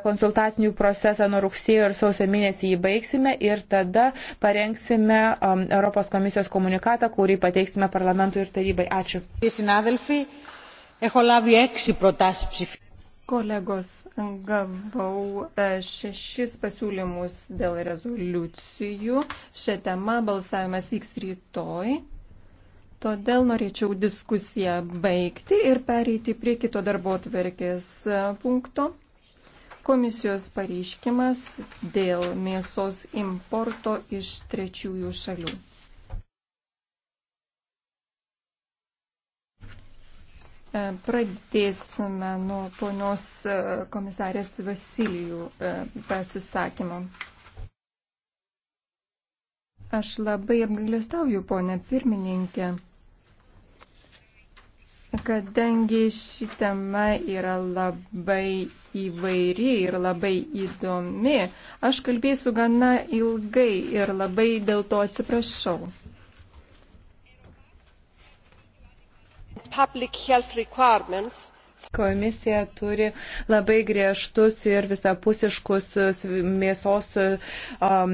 konsultacinių procesą nuo rugsėjo ir sausio mėnesį jį baigsime ir tada parengsime um, Europos komisijos komunikatą, kurį pateiksime parlamentui ir tarybai. Ačiū. Kolegos, gavau e, šešis pasiūlymus dėl rezoliucijų. Šią temą balsavimas vyks rytoj. Todėl norėčiau diskusiją baigti ir pereiti prie kito darbo tvarkės e, punkto komisijos pareiškimas dėl mėsos importo iš trečiųjų šalių. E, pradėsime nuo ponios e, komisarės Vasilijų e, pasisakymo. Aš labai apgailestauju, ponė pirmininkė kadangi ši tema yra labai įvairi ir labai įdomi, aš kalbėsiu gana ilgai ir labai dėl to atsiprašau. Public health requirements Komisija turi labai griežtus ir visapusiškus mėsos um,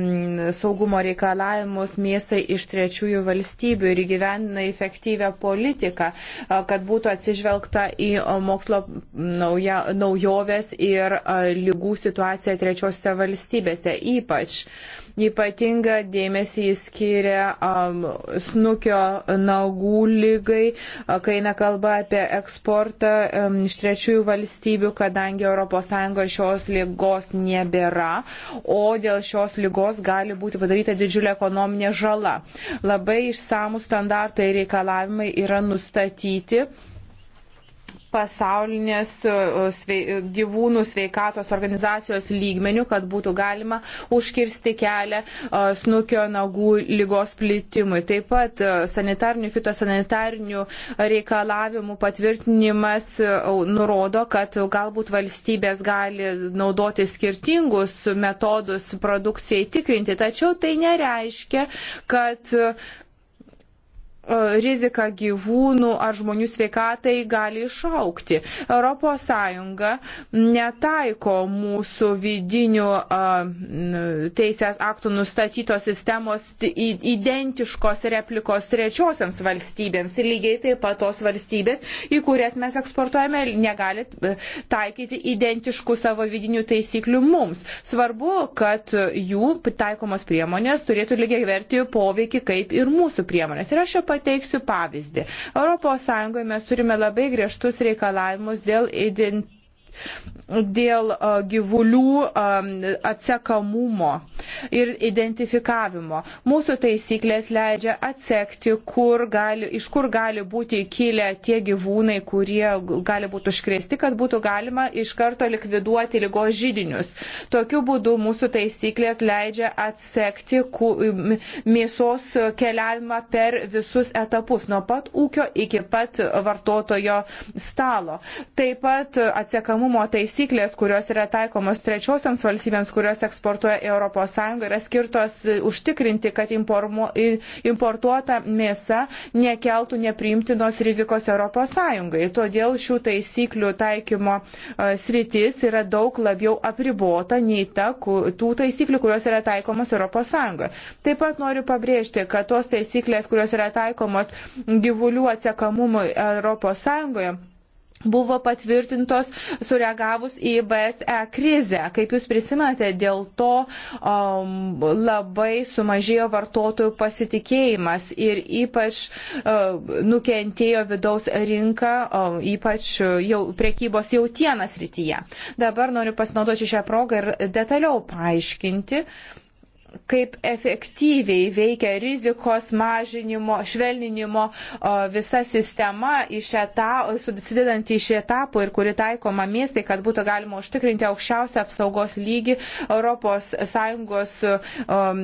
saugumo reikalavimus mėsai iš trečiųjų valstybių ir gyvena efektyvę politiką, kad būtų atsižvelgta į mokslo nauja, naujoves ir lygų situaciją trečiosiose valstybėse ypač. Uh, ypatinga dėmesį skiria um, snukio nagų lygai, kai eina kalba apie eksportą um, iš trečiųjų valstybių, kadangi ES šios lygos nebėra, o dėl šios lygos gali būti padaryta didžiulė ekonominė žala. Labai išsamų standartai reikalavimai yra nustatyti pasaulinės e, gyvūnų sveikatos organizacijos lygmenių, kad būtų galima užkirsti kelią e, snukio nagų lygos plitimui. Taip pat e, sanitarnių, fitosanitarnių reikalavimų patvirtinimas nurodo, kad galbūt valstybės gali naudoti skirtingus metodus produkcijai tikrinti, tačiau tai nereiškia, kad E, rizika gyvūnų ar žmonių sveikatai gali išaukti. ES netaiko mūsų vidinių e, teisės aktų nustatytos sistemos identiškos replikos trečiosiams valstybėms. Ir lygiai taip pat tos valstybės, į kurias mes eksportuojame, negali e, taikyti identiškų savo vidinių taisyklių mums. Svarbu, kad jų taikomos priemonės turėtų lygiai verti poveikį kaip ir mūsų priemonės. Ir aš čia Pateiksiu pavyzdį. ES mes turime labai griežtus reikalavimus dėl identiteto dėl gyvulių atsekamumo ir identifikavimo. Mūsų taisyklės leidžia atsekti, kur gali, iš kur gali būti kilę tie gyvūnai, kurie gali būti užkrėsti, kad būtų galima iš karto likviduoti lygos žydinius. Tokiu būdu mūsų taisyklės leidžia atsekti mėsos keliavimą per visus etapus, nuo pat ūkio iki pat vartotojo stalo. Taip pat atsekamumo atsiekamumo taisyklės, kurios yra taikomos trečiosiams valstybėms, kurios eksportuoja ES, yra skirtos užtikrinti, kad impormu, importuota mėsa nekeltų nepriimtinos rizikos ES. Todėl šių taisyklių taikymo e, sritis yra daug labiau apribota nei ta, tų taisyklių, kurios yra taikomos ES. Taip pat noriu pabrėžti, kad tos taisyklės, kurios yra taikomos gyvulių atsekamumui ES, buvo patvirtintos sureagavus į BSE krizę. Kaip jūs prisimate, dėl to um, labai sumažėjo vartotojų pasitikėjimas ir ypač uh, nukentėjo vidaus rinka, um, ypač jau, priekybos jautienas rytyje. Dabar noriu pasinaudoti šią progą ir detaliau paaiškinti. Uh, kaip efektyviai veikia rizikos mažinimo, švelninimo visa sistema susidedant iš etapų ir kuri taikoma miestai, kad būtų galima užtikrinti aukščiausią apsaugos lygį ES um,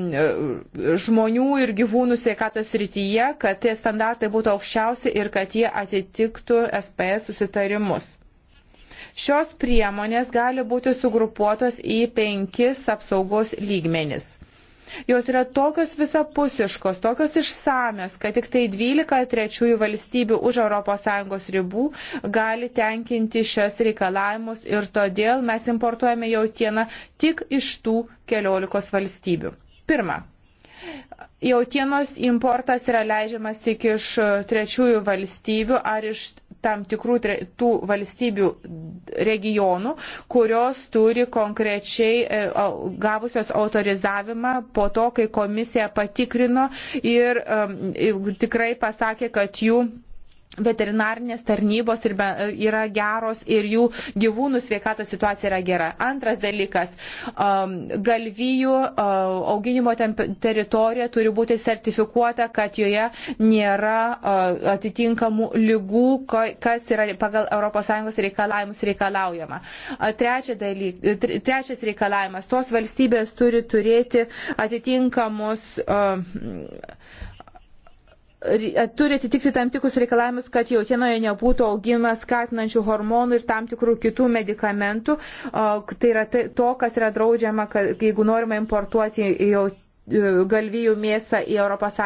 žmonių ir gyvūnų sveikatos rytyje, kad tie standartai būtų aukščiausi ir kad jie atitiktų SPS susitarimus. Šios priemonės gali būti sugrupuotos į penkis apsaugos lygmenis. Jos yra tokios visapusiškos, tokios išsamios, kad tik tai 12 trečiųjų valstybių už ES ribų gali tenkinti šios reikalavimus ir todėl mes importuojame jautieną tik iš tų keliolikos valstybių. Pirma. Jautienos importas yra leidžiamas tik iš trečiųjų valstybių ar iš tam tikrų tų valstybių regionų, kurios turi konkrečiai e, gavusios autorizavimą po to, kai komisija patikrino ir tikrai pasakė, kad jų veterinarinės tarnybos ir be, yra geros ir jų gyvūnų sveikatos situacija yra gera. Antras dalykas um, - galvijų um, auginimo teritorija turi būti sertifikuota, kad joje nėra uh, atitinkamų lygų, kas yra pagal ES reikalavimus reikalaujama. Uh, trečia dalyk, trečias reikalavimas - tos valstybės turi turėti atitinkamus uh, turi atitikti tam tikrus reikalavimus, kad jautienoje nebūtų augimas skatinančių hormonų ir tam tikrų kitų medikamentų. Tai yra tai- to, kas yra draudžiama, kad, jeigu norima importuoti jautieną E, galvijų mėsą į ES.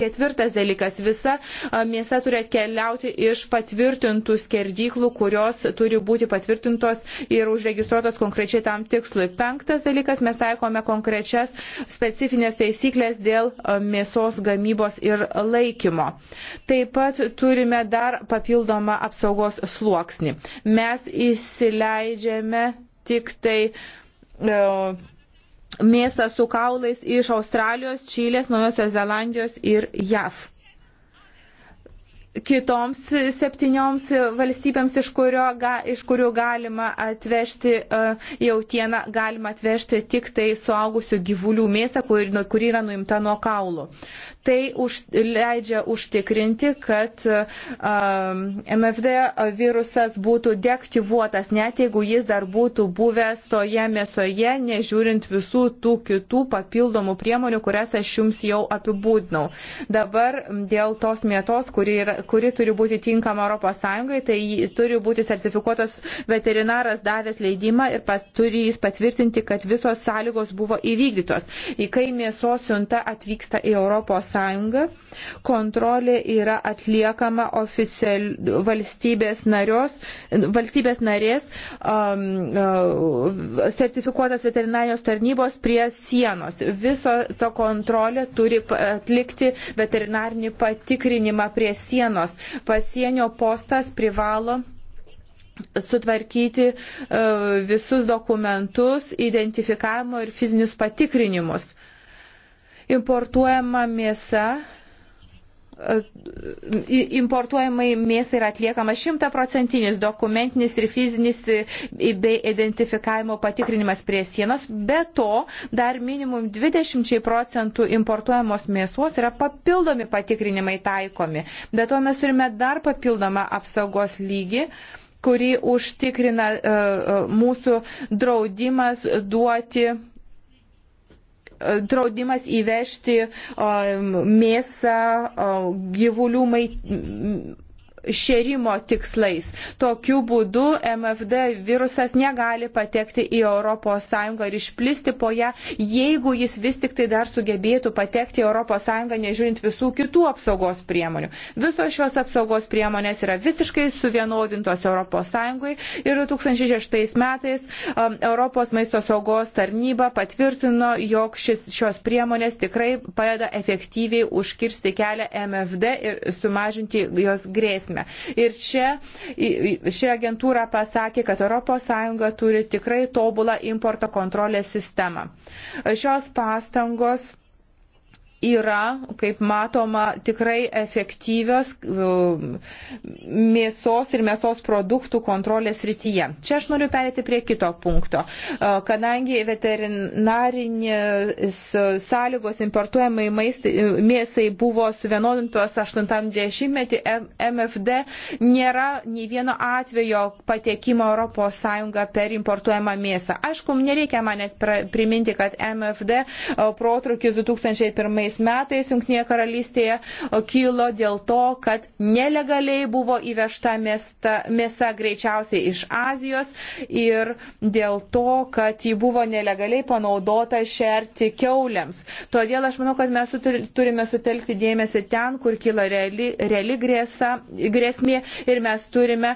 Ketvirtas dalykas - visa e, mėsa turi atkeliauti iš patvirtintų skerdyklų, kurios turi būti patvirtintos ir užregistruotos konkrečiai tam tikslui. Penktas dalykas - mes taikome konkrečias specifines taisyklės dėl e, mėsos gamybos ir laikymo. Taip pat turime dar papildomą apsaugos sluoksnį. Mes įsileidžiame tik tai mėsą su kaulais iš Australijos, Čilės, Naujosios Zelandijos ir JAV kitoms septynioms valstybėms, iš, kurio, ga, iš kurių galima atvežti e, jautieną, galima atvežti tik tai suaugusių gyvulių mėsą, kuri, nu, kuri yra nuimta nuo kaulų. Tai už, leidžia užtikrinti, kad um, e, MFD virusas būtų deaktyvuotas, net jeigu jis dar būtų buvęs toje mėsoje, nežiūrint visų tų kitų papildomų priemonių, kurias aš jums jau apibūdinau. Dabar dėl tos mėtos, kuri yra kuri turi būti tinkama ES, tai turi būti sertifikuotas veterinaras davęs leidimą ir pas, turi jis patvirtinti, kad visos sąlygos buvo įvykdytos. Į kai mėsos siunta atvyksta į ES, kontrolė yra atliekama oficial, valstybės, narios, valstybės narės um, uh, sertifikuotas veterinarijos tarnybos prie sienos. Viso to kontrolė turi atlikti veterinarinį patikrinimą prie sienos sienos. Pasienio postas privalo sutvarkyti e, visus dokumentus, identifikavimo ir fizinius patikrinimus. Importuojama mėsa importuojamai mėsai yra atliekamas šimtaprocentinis dokumentinis ir fizinis bei identifikavimo patikrinimas prie sienos. Be to, dar minimum 20 procentų importuojamos mėsos yra papildomi patikrinimai taikomi. Be to, mes turime dar papildomą apsaugos lygį kurį užtikrina uh, mūsų draudimas duoti uh, draudimas įvežti mėsą, gyvulių maitinimą šerimo tikslais. Tokiu būdu MFD virusas negali patekti į ES ir išplisti po ją, jeigu jis vis tik tai dar sugebėtų patekti į ES, nežiūrint visų kitų apsaugos priemonių. Visos šios apsaugos priemonės yra visiškai suvienodintos ES ir 2006 metais um, Europos maisto saugos tarnyba patvirtino, jog šis, šios priemonės tikrai padeda efektyviai užkirsti kelią MFD ir sumažinti jos grėsmę prasme. Ir čia ši agentūra pasakė, kad ES turi tikrai tobulą importo kontrolės sistemą. Šios pastangos yra, kaip matoma, tikrai efektyvios um, mėsos ir mėsos produktų kontrolės rytyje. Čia aš noriu perėti prie kito punkto. Uh, kadangi veterinarinės sąlygos importuojamai mėsai buvo suvienodintos 80-metį, MFD nėra nei vieno atvejo patekimo ES per importuojamą mėsą. Aišku, nereikia man net priminti, kad MFD protrukis 2001 2008 metais Junktinėje karalystėje kilo dėl to, kad nelegaliai buvo įvežta mėsta, mėsa greičiausiai iš Azijos ir dėl to, kad ji buvo nelegaliai panaudota šerti keuliams. Todėl aš manau, kad mes turime sutelkti dėmesį ten, kur kyla reali, reali grėsa, grėsmė ir mes turime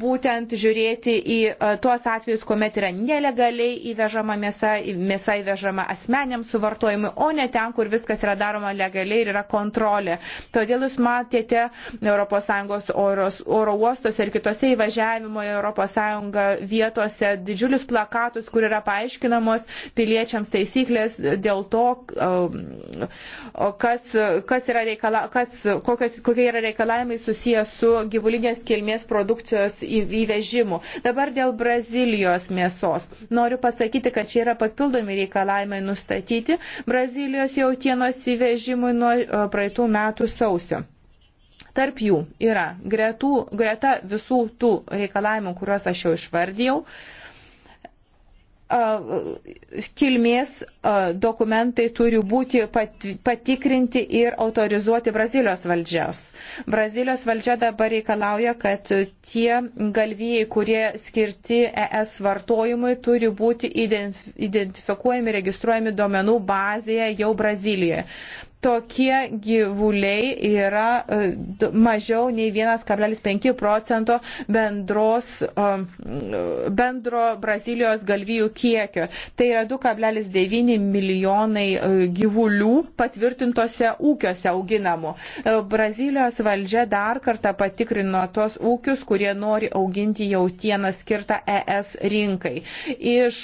būtent žiūrėti į tuos atvejus, kuomet yra nelegaliai įvežama mėsa, mėsa įvežama asmeniam suvartojimui, o ne ten, kur viskas yra daroma legaliai ir yra kontrolė. Todėl jūs matėte ES oro uostose ir kitose įvažiavimo į ES vietose didžiulius plakatus, kur yra paaiškinamos piliečiams taisyklės dėl to, um, kas, kas yra reikala, kas, kokios, kokie yra reikalavimai susijęs su gyvulinės kilmės produkcijos įvežimu. Dabar dėl Brazilijos mėsos. Noriu pasakyti, kad čia yra papildomi reikalavimai nustatyti Brazilijos jautienos įsivežimui nuo e, praeitų metų sausio. Tarp jų yra gretų, greta visų tų reikalavimų, kuriuos aš jau išvardėjau, uh, kilmės dokumentai turi būti patikrinti ir autorizuoti Brazilijos valdžios. Brazilijos valdžia dabar reikalauja, kad tie galvijai, kurie skirti ES vartojimui, turi būti identifikuojami, registruojami duomenų bazėje jau Brazilijoje tokie gyvuliai yra e, mažiau nei 1,5 procento bendros, e, bendro Brazilijos galvijų kiekio. Tai yra 2,9 milijonai e, gyvulių patvirtintose ūkiuose auginamų. Brazilijos valdžia dar kartą patikrino tos ūkius, kurie nori auginti jautieną skirtą ES rinkai. Iš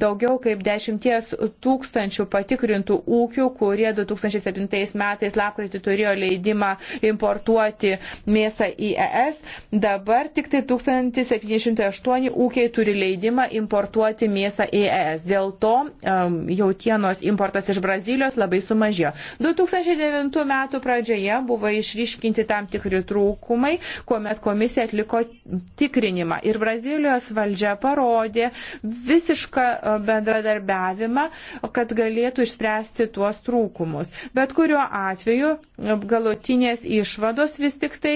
daugiau kaip 10 tūkstančių patikrintų ūkių, kurie 2007 2009 metais lapkritį turėjo leidimą importuoti mėsą į ES, dabar tik tai 1708 ūkiai turi leidimą importuoti mėsą į ES. Dėl to um, jautienos importas iš Brazilijos labai sumažėjo. 2009 metų pradžioje buvo išryškinti tam tikri trūkumai, kuomet komisija atliko tikrinimą. Ir Brazilijos valdžia parodė visišką e, bendradarbiavimą, kad galėtų išspręsti tuos trūkumus. Bet Bet kuriuo atveju galutinės išvados vis tik tai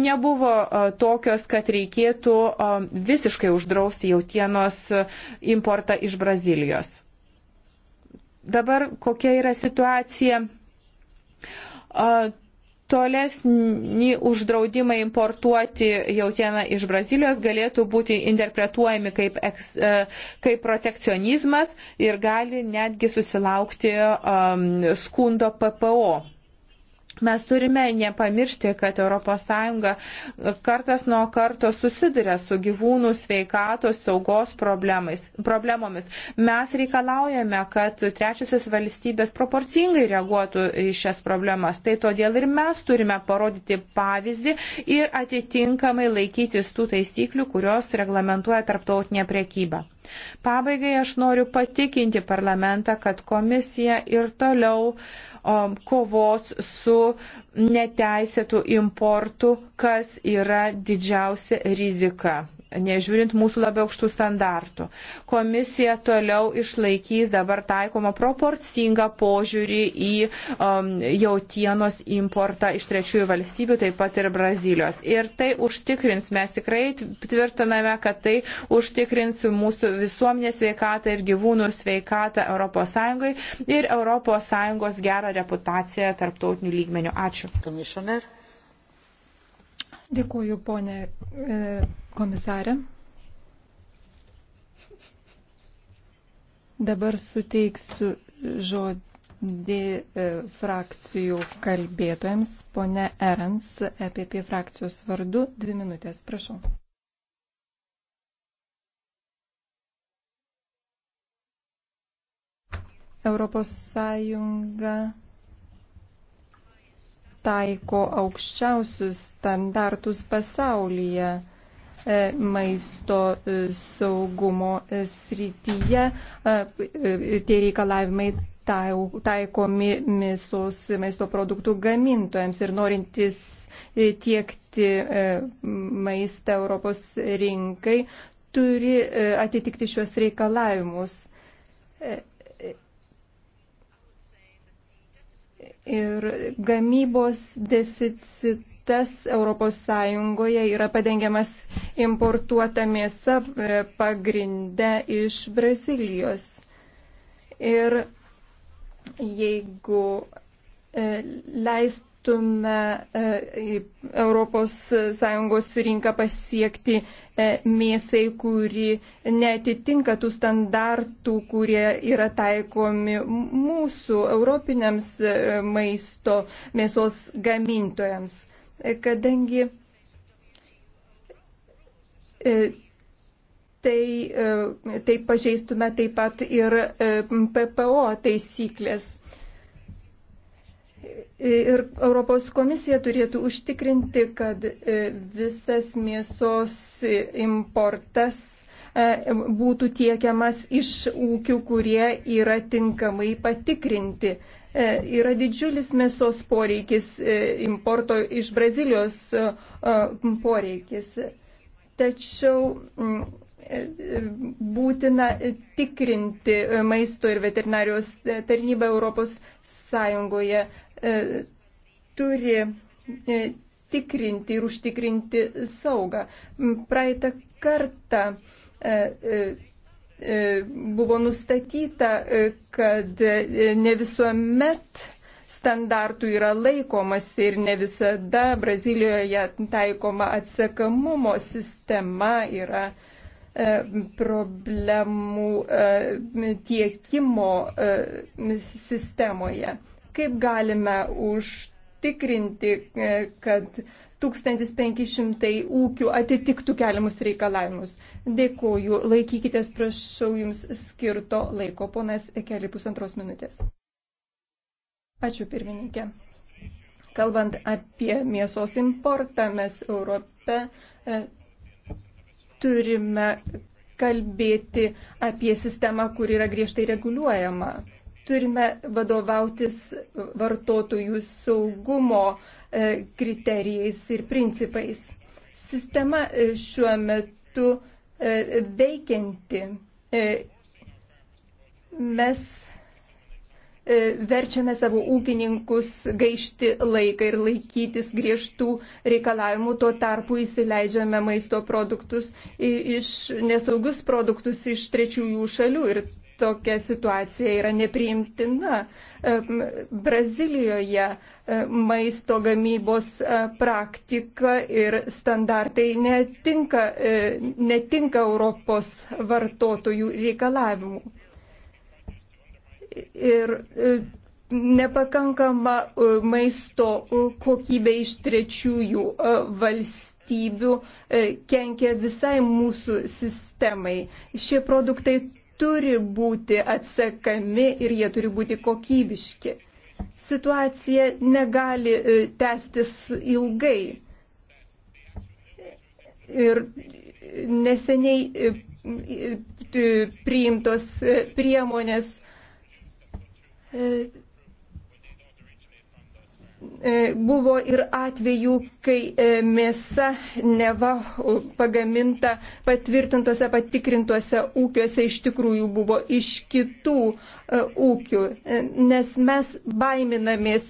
nebuvo e, tokios, kad reikėtų e, visiškai uždrausti jautienos e, importą iš Brazilijos. Dabar kokia yra situacija? tolesnį uždraudimą importuoti jautieną iš Brazilijos galėtų būti interpretuojami kaip, eks, e, kaip protekcionizmas ir gali netgi susilaukti um, skundo PPO. Mes turime nepamiršti, kad ES kartas nuo karto susiduria su gyvūnų sveikatos saugos problemomis. Mes reikalaujame, kad trečiosios valstybės proporcingai reaguotų į šias problemas. Tai todėl ir mes turime parodyti pavyzdį ir atitinkamai laikytis tų taisyklių, kurios reglamentuoja tarptautinę priekybą. Pabaigai aš noriu patikinti parlamentą, kad komisija ir toliau um, kovos su neteisėtų importų, kas yra didžiausia rizika nežiūrint mūsų labai aukštų standartų. Komisija toliau išlaikys dabar taikomą proporcingą požiūrį į um, jautienos importą iš trečiųjų valstybių, taip pat ir Brazilijos. Ir tai užtikrins, mes tikrai tvirtiname, kad tai užtikrins mūsų visuomenės sveikatą ir gyvūnų sveikatą ES ir ES gerą reputaciją tarptautinių lygmenių. Ačiū. Dėkuoju, ponė. E komisarė. Dabar suteiksiu žodį e, frakcijų kalbėtojams. Pone Erans, EPP frakcijos vardu, dvi minutės, prašau. Europos Sąjunga taiko aukščiausius standartus pasaulyje E, maisto e, saugumo e, srityje. Tie reikalavimai taikomi mėsos maisto produktų gamintojams ir norintis tiekti maistą Europos rinkai turi atitikti šios reikalavimus. Ir gamybos deficit vietas ES yra padengiamas importuota mėsa e, pagrindę iš Brazilijos. Ir jeigu e, leistume ES rinką pasiekti e, mėsai, kuri netitinka tų standartų, kurie yra taikomi mūsų europiniams maisto mėsos gamintojams kadangi e, tai, e, tai pažeistume taip pat ir e, PPO taisyklės. Ir Europos komisija turėtų užtikrinti, kad visas mėsos importas būtų tiekiamas iš ūkių, kurie yra tinkamai patikrinti. E, yra didžiulis mėsos poreikis, e, importo iš Brazilijos e, poreikis. Tačiau būtina tikrinti maisto ir veterinarijos tarnybą Europos Sąjungoje. Turi tikrinti ir užtikrinti saugą. Praeitą kartą E, buvo nustatyta, e, kad e, ne visuomet standartų yra laikomas ir ne visada Brazilijoje taikoma atsekamumo sistema yra problemų tiekimo sistemoje. Kaip galime užtikrinti, kad 1500 ūkių atitiktų keliamus reikalavimus. Dėkuoju, laikykitės, prašau, jums skirto laiko, ponas Keli pusantros minutės. Ačiū, pirmininkė. Kalbant apie mėsos importą, mes Europe e, turime kalbėti apie sistemą, kur yra griežtai reguliuojama. Turime vadovautis vartotojų saugumo e, E, kriterijais ir principais. Sistema e, šiuo metu e, veikianti. Mes verčiame savo ūkininkus gaišti laiką ir laikytis griežtų reikalavimų, tuo tarpu įsileidžiame maisto produktus iš nesaugius produktus iš trečiųjų šalių ir tokia situacija yra nepriimtina. E, Brazilijoje e, maisto gamybos e, praktika ir standartai netinka, netinka Europos vartotojų reikalavimų. Ir nepakankama maisto kokybė iš trečiųjų valstybių kenkia visai mūsų sistemai. Šie produktai turi būti atsekami ir jie turi būti kokybiški. Situacija negali e, tęstis ilgai. Ir neseniai e, e, priimtos priemonės E, buvo ir atvejų, kai e, mėsa neva pagaminta patvirtintose, patikrintose ūkiuose iš tikrųjų buvo iš kitų e, ūkių, nes mes baiminamės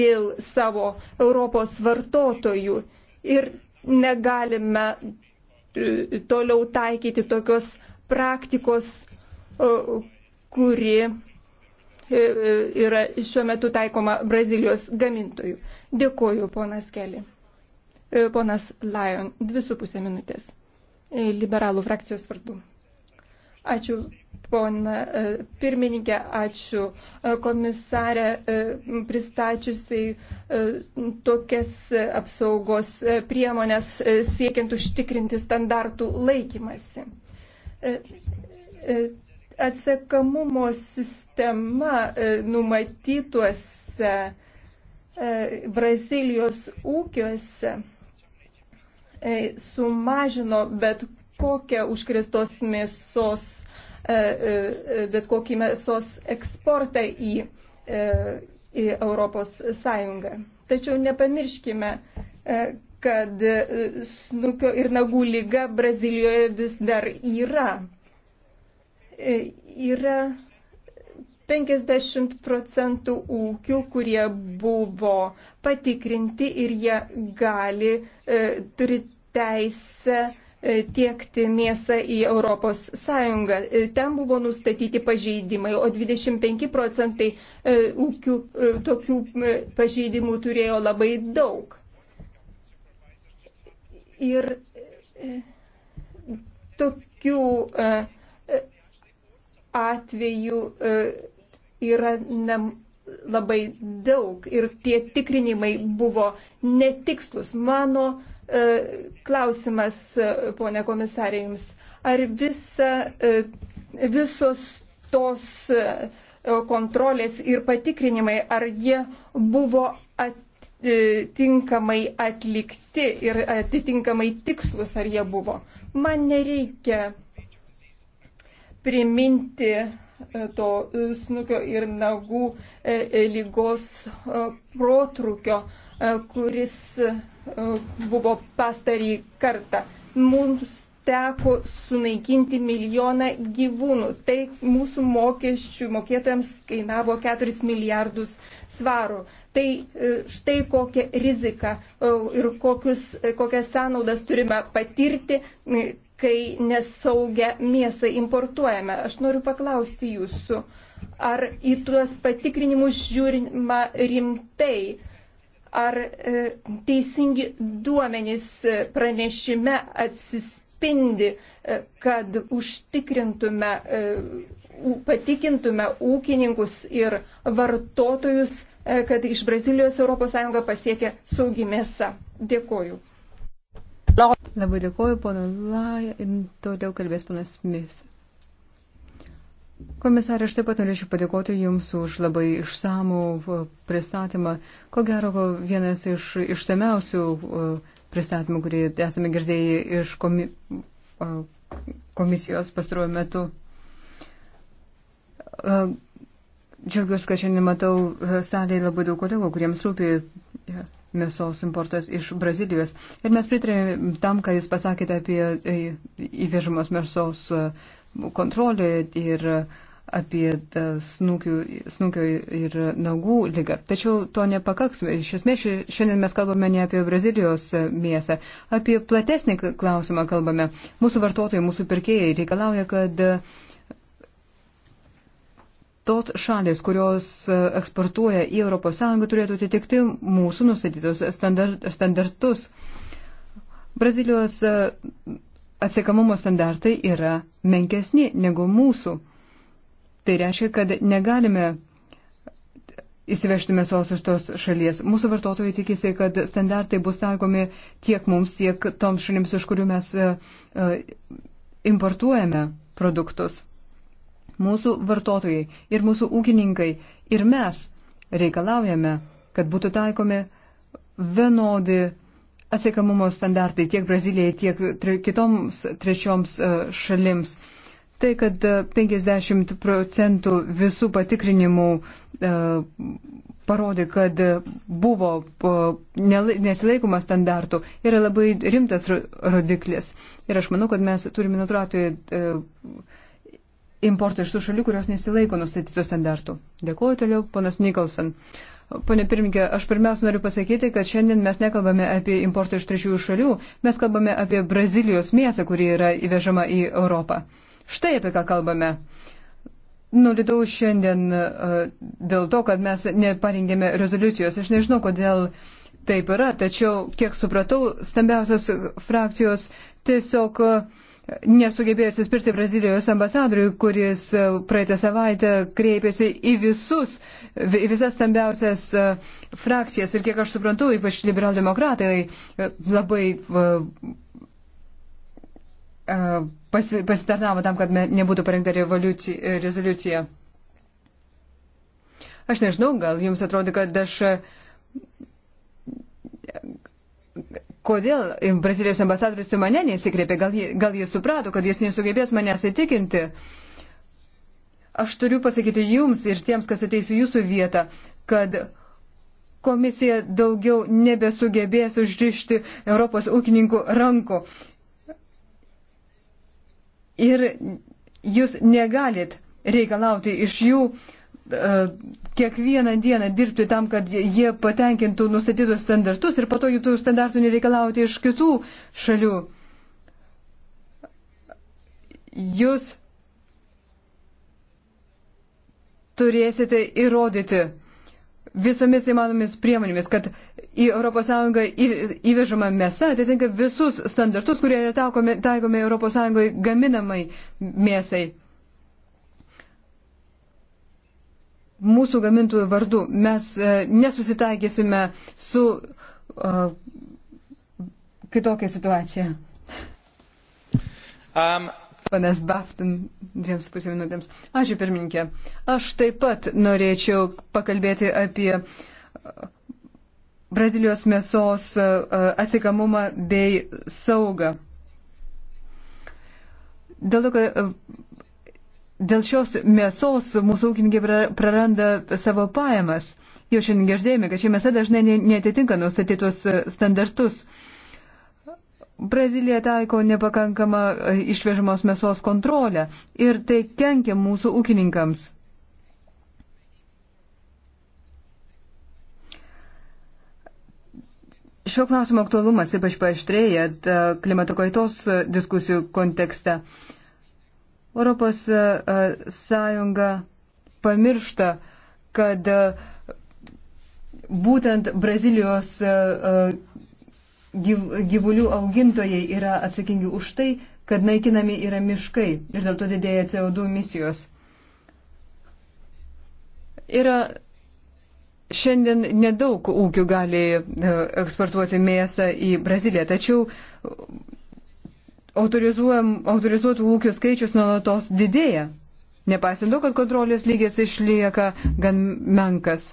dėl savo Europos vartotojų ir negalime toliau taikyti tokios praktikos, kuri E, e, yra šiuo metu taikoma Brazilijos gamintojų. Dėkuoju, ponas Keli. E, ponas Lion, dvi su pusė minutės. Liberalų frakcijos vardu. Ačiū, pona pirmininkė, ačiū komisarė pristačiusiai tokias apsaugos priemonės siekiant užtikrinti standartų laikymasi atsekamumo sistema e, numatytuose e, Brazilijos ūkiuose e, sumažino bet kokią užkristos mėsos, bet kokį mėsos eksportą į, į Europos Sąjungą. Tačiau nepamirškime, kad snukio ir nagų lyga Brazilijoje vis dar yra. E, yra 50 procentų ūkių, kurie buvo patikrinti ir jie gali, e, turi teisę e, tiekti mėsą į Europos Sąjungą. E, ten buvo nustatyti pažeidimai, o 25 procentai e, ūkių e, tokių e, pažeidimų turėjo labai daug. Ir e, tokių e, atvejų e, yra nam, labai daug ir tie tikrinimai buvo netikslus. Mano e, klausimas, e, ponė komisarė, jums, ar visa, visos tos kontrolės ir patikrinimai, ar jie buvo atitinkamai atlikti ir atitinkamai tikslus, ar jie buvo. Man nereikia priminti e, to e, snukio ir nagų e, lygos protrukio, kuris buvo pastarį kartą. Mums teko sunaikinti milijoną gyvūnų. Tai mūsų mokesčių mokėtojams kainavo 4 milijardus svarų. Tai štai kokią riziką ir kokius, kokias sąnaudas turime patirti, kai nesaugia mėsą importuojame. Aš noriu paklausti jūsų, ar į tuos patikrinimus žiūrima rimtai, ar e, teisingi duomenys pranešime atsispindi, e, kad užtikrintume, e, patikintume ūkininkus ir vartotojus, e, kad iš Brazilijos ES pasiekia saugi mėsa. Dėkoju. Labai dėkuoju, pono Lai. Toliau kalbės ponas Smith. Komisarė, aš taip pat norėčiau padėkoti Jums už labai išsamų pristatymą. Ko gero, vienas iš išsameusių pristatymų, kurį esame girdėję iš komi komisijos pastaruoju metu. Džiaugiuosi, kad šiandien matau e, salėje labai daug kolegų, kuriems rūpi mėsos importas iš Brazilijos. Ir mes pritarėme tam, ką Jūs pasakėte apie e, įvežamos mėsos e, kontrolę ir apie snukių, snukio ir nagų lygą. Tačiau to nepakaks. Iš esmės šiandien mes kalbame ne apie Brazilijos e, mėsą, apie platesnį klausimą kalbame. Mūsų vartotojai, mūsų pirkėjai reikalauja, kad uh, tos šalis, kurios e, eksportuoja į ES, turėtų atitikti mūsų nustatytus standartus. Brazilijos e, atsiekamumo standartai yra menkesni negu mūsų. Tai reiškia, kad negalime įsivežti mėsos iš tos šalies. Mūsų vartotojai tikisi, kad standartai bus taikomi tiek mums, tiek toms šalims, iš kurių mes e, importuojame produktus mūsų vartotojai ir mūsų ūkininkai ir mes reikalaujame, kad būtų taikomi vienodi atsiekamumo standartai tiek Brazilijai, tiek tre, kitoms trečioms e, šalims. Tai, kad 50 e, procentų visų patikrinimų e, parodė, kad buvo nesilaikoma standartų, yra labai rimtas rodiklis. Ir aš manau, kad mes turime nutraukti e, importą iš tų šalių, kurios nesilaiko nustatytų standartų. Dėkuoju toliau, ponas Nikolson. Pone pirmininkė, aš pirmiausia noriu pasakyti, kad šiandien mes nekalbame apie importą iš trečiųjų šalių, mes kalbame apie Brazilijos mėsą, kuri yra įvežama į Europą. Štai apie ką kalbame. Nulidau šiandien e, dėl to, kad mes neparengėme rezoliucijos. Aš nežinau, kodėl taip yra, tačiau, kiek supratau, stambiausios frakcijos tiesiog uh, nesugebėjo atsispirti Brazilijos ambasadoriui, kuris e, praeitą savaitę kreipėsi į visus, visas stambiausias e, frakcijas ir kiek aš suprantu, ypač liberaldemokratai e, labai pasi, pasitarnavo tam, kad nebūtų parengta rezoliucija. Aš nežinau, gal jums atrodo, kad aš kodėl Brazilijos ambasadorius į mane nesikreipė, gal, gal jis suprato, kad jis nesugebės manęs įtikinti. Aš turiu pasakyti jums ir tiems, kas ateis į jūsų vietą, kad komisija daugiau nebesugebės užrišti Europos ūkininkų rankų. Ir jūs negalit reikalauti iš jų uh, E, kiekvieną dieną dirbti tam, kad jie patenkintų nustatytus standartus ir po to jų tų standartų nereikalauti iš kitų šalių. Jūs turėsite įrodyti visomis įmanomis priemonėmis, kad į ES įvežama mėsa atitinka visus standartus, kurie yra taikomi, taikomi ES gaminamai mėsai. mūsų gamintojų vardu mes e, nesusitaikysime su uh, kitokia situacija. Um. Panas Baftin, dviems pusė minutėms. Ačiū pirmininkė. Aš taip pat norėčiau pakalbėti apie e, Brazilijos mėsos atsikamumą bei saugą. Dėl to, kad dėl šios mėsos mūsų ūkininkai praranda savo pajamas. Jau šiandien girdėjome, kad ši mėsa dažnai netitinka nustatytus e, standartus. Brazilija taiko nepakankamą e, išvežamos mėsos kontrolę ir tai kenkia mūsų ūkininkams. Šio klausimo aktualumas ypač paaštrėja klimato kaitos e, diskusijų kontekste. Uh, Europos e, e, Sąjunga pamiršta, kad e, būtent Brazilijos gyvulių augintojai yra atsakingi už tai, kad naikinami yra miškai ir dėl to didėja CO2 misijos. Yra šiandien nedaug ūkių gali eksportuoti mėsą į Braziliją, tačiau autorizuotų ūkių skaičius nuolatos didėja, nepaisant to, kad kontrolės lygis išlieka gan menkas.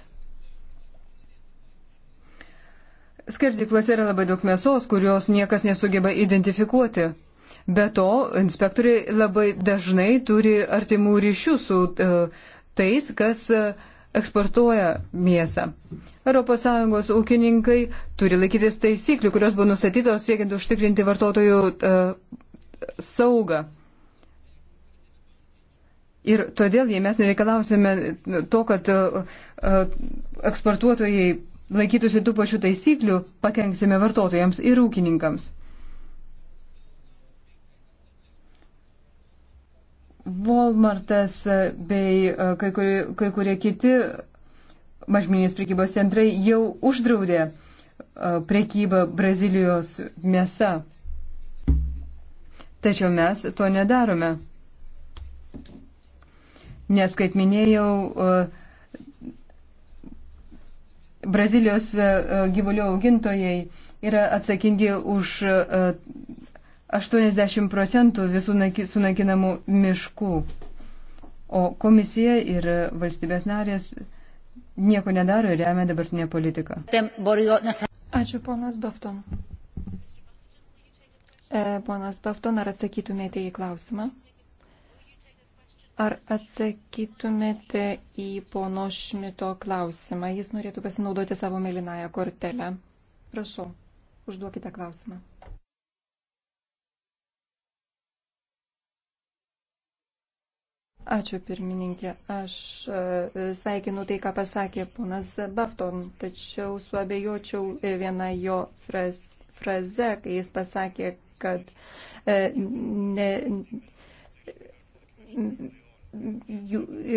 Skerdiklose yra labai daug mėsos, kurios niekas nesugeba identifikuoti. Be to, inspektoriai labai dažnai turi artimų ryšių su uh, tais, kas uh, eksportuoja mėsą. ES ūkininkai turi laikytis taisyklių, kurios buvo nustatytos siekiant užtikrinti vartotojų uh, saugą. Ir todėl, jei mes nereikalausime to, kad uh, eksportuotojai laikytųsi tų pačių taisyklių, pakenksime vartotojams ir ūkininkams. Walmartas bei e, kai kurie, kai kurie kiti mažminės prekybos centrai jau uždraudė e, prekybą Brazilijos mėsa. Tačiau mes to nedarome. Nes, kaip minėjau, e, Brazilijos gyvulių augintojai yra atsakingi už 80 procentų visų sunaikinamų miškų, o komisija ir valstybės narės nieko nedaro ir remia dabartinę politiką. Ačiū, ponas Bafton. E, ponas Bafton, ar atsakytumėte į klausimą? Ar atsakytumėte į pono Šmito klausimą? Jis norėtų pasinaudoti savo mėlynąją kortelę. Prašau, užduokite klausimą. Ačiū pirmininkė. Aš e, sveikinu tai, ką pasakė ponas Bafton, tačiau suabejočiau vieną jo fraz, frazę, kai jis pasakė, kad e, ne,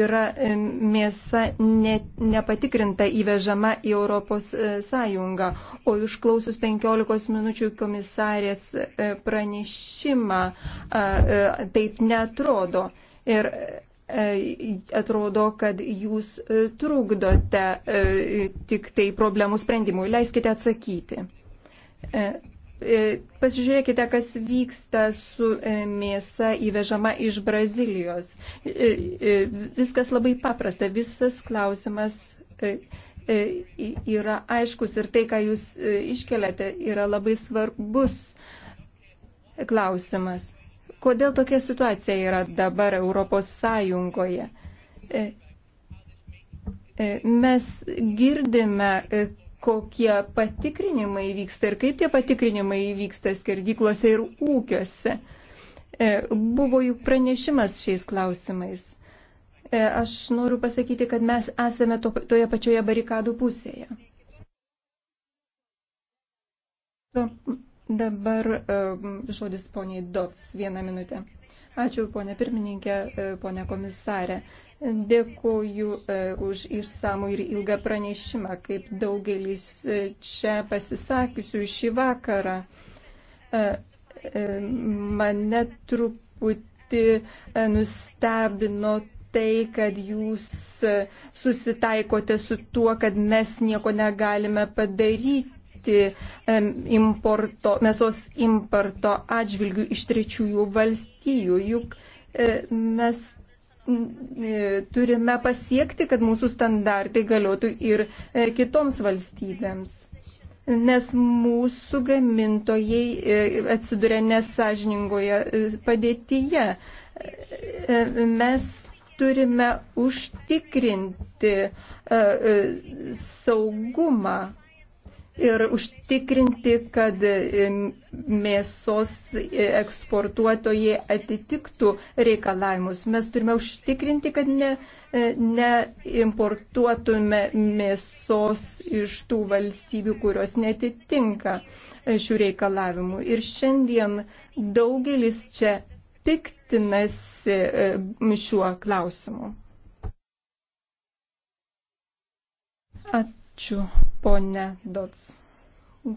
yra e, mėsa ne, nepatikrinta įvežama į Europos Sąjungą, o išklausus 15 minučių komisarės pranešimą taip netrodo ir e, atrodo, kad jūs e, trukdote e, tik tai problemų sprendimui. Leiskite atsakyti. Pasižiūrėkite, kas vyksta su mėsa įvežama iš Brazilijos. Viskas labai paprasta, visas klausimas yra aiškus ir tai, ką jūs iškeliate, yra labai svarbus klausimas. Kodėl tokia situacija yra dabar Europos Sąjungoje? E, e, mes girdime, e, kokie patikrinimai vyksta ir kaip tie patikrinimai vyksta skerdyklose ir ūkiuose. Buvo juk pranešimas šiais klausimais. Aš noriu pasakyti, kad mes esame to, toje pačioje barikadų pusėje. Dabar žodis poniai Dots vieną minutę. Ačiū, ponė pirmininkė, e, ponė komisarė. Dėkuoju e, už išsamų ir ilgą pranešimą, kaip daugelis e, čia pasisakiusių šį vakarą. Mane truputį nustebino tai, kad jūs susitaikote su tuo, kad mes nieko negalime padaryti veikti importo, mėsos importo atžvilgių iš trečiųjų valstijų. Juk e, mes e, turime pasiekti, kad mūsų standartai galiotų ir e, kitoms valstybėms. Nes mūsų gamintojai atsiduria nesažiningoje padėtyje. Mes turime užtikrinti saugumą ir užtikrinti, kad e, mėsos e, eksportuotojai atitiktų reikalavimus. Mes turime užtikrinti, kad ne, e, neimportuotume mėsos iš tų valstybių, kurios netitinka šių reikalavimų. Ir šiandien daugelis čia piktinasi šiuo klausimu. At Ačiū, ponė Dots.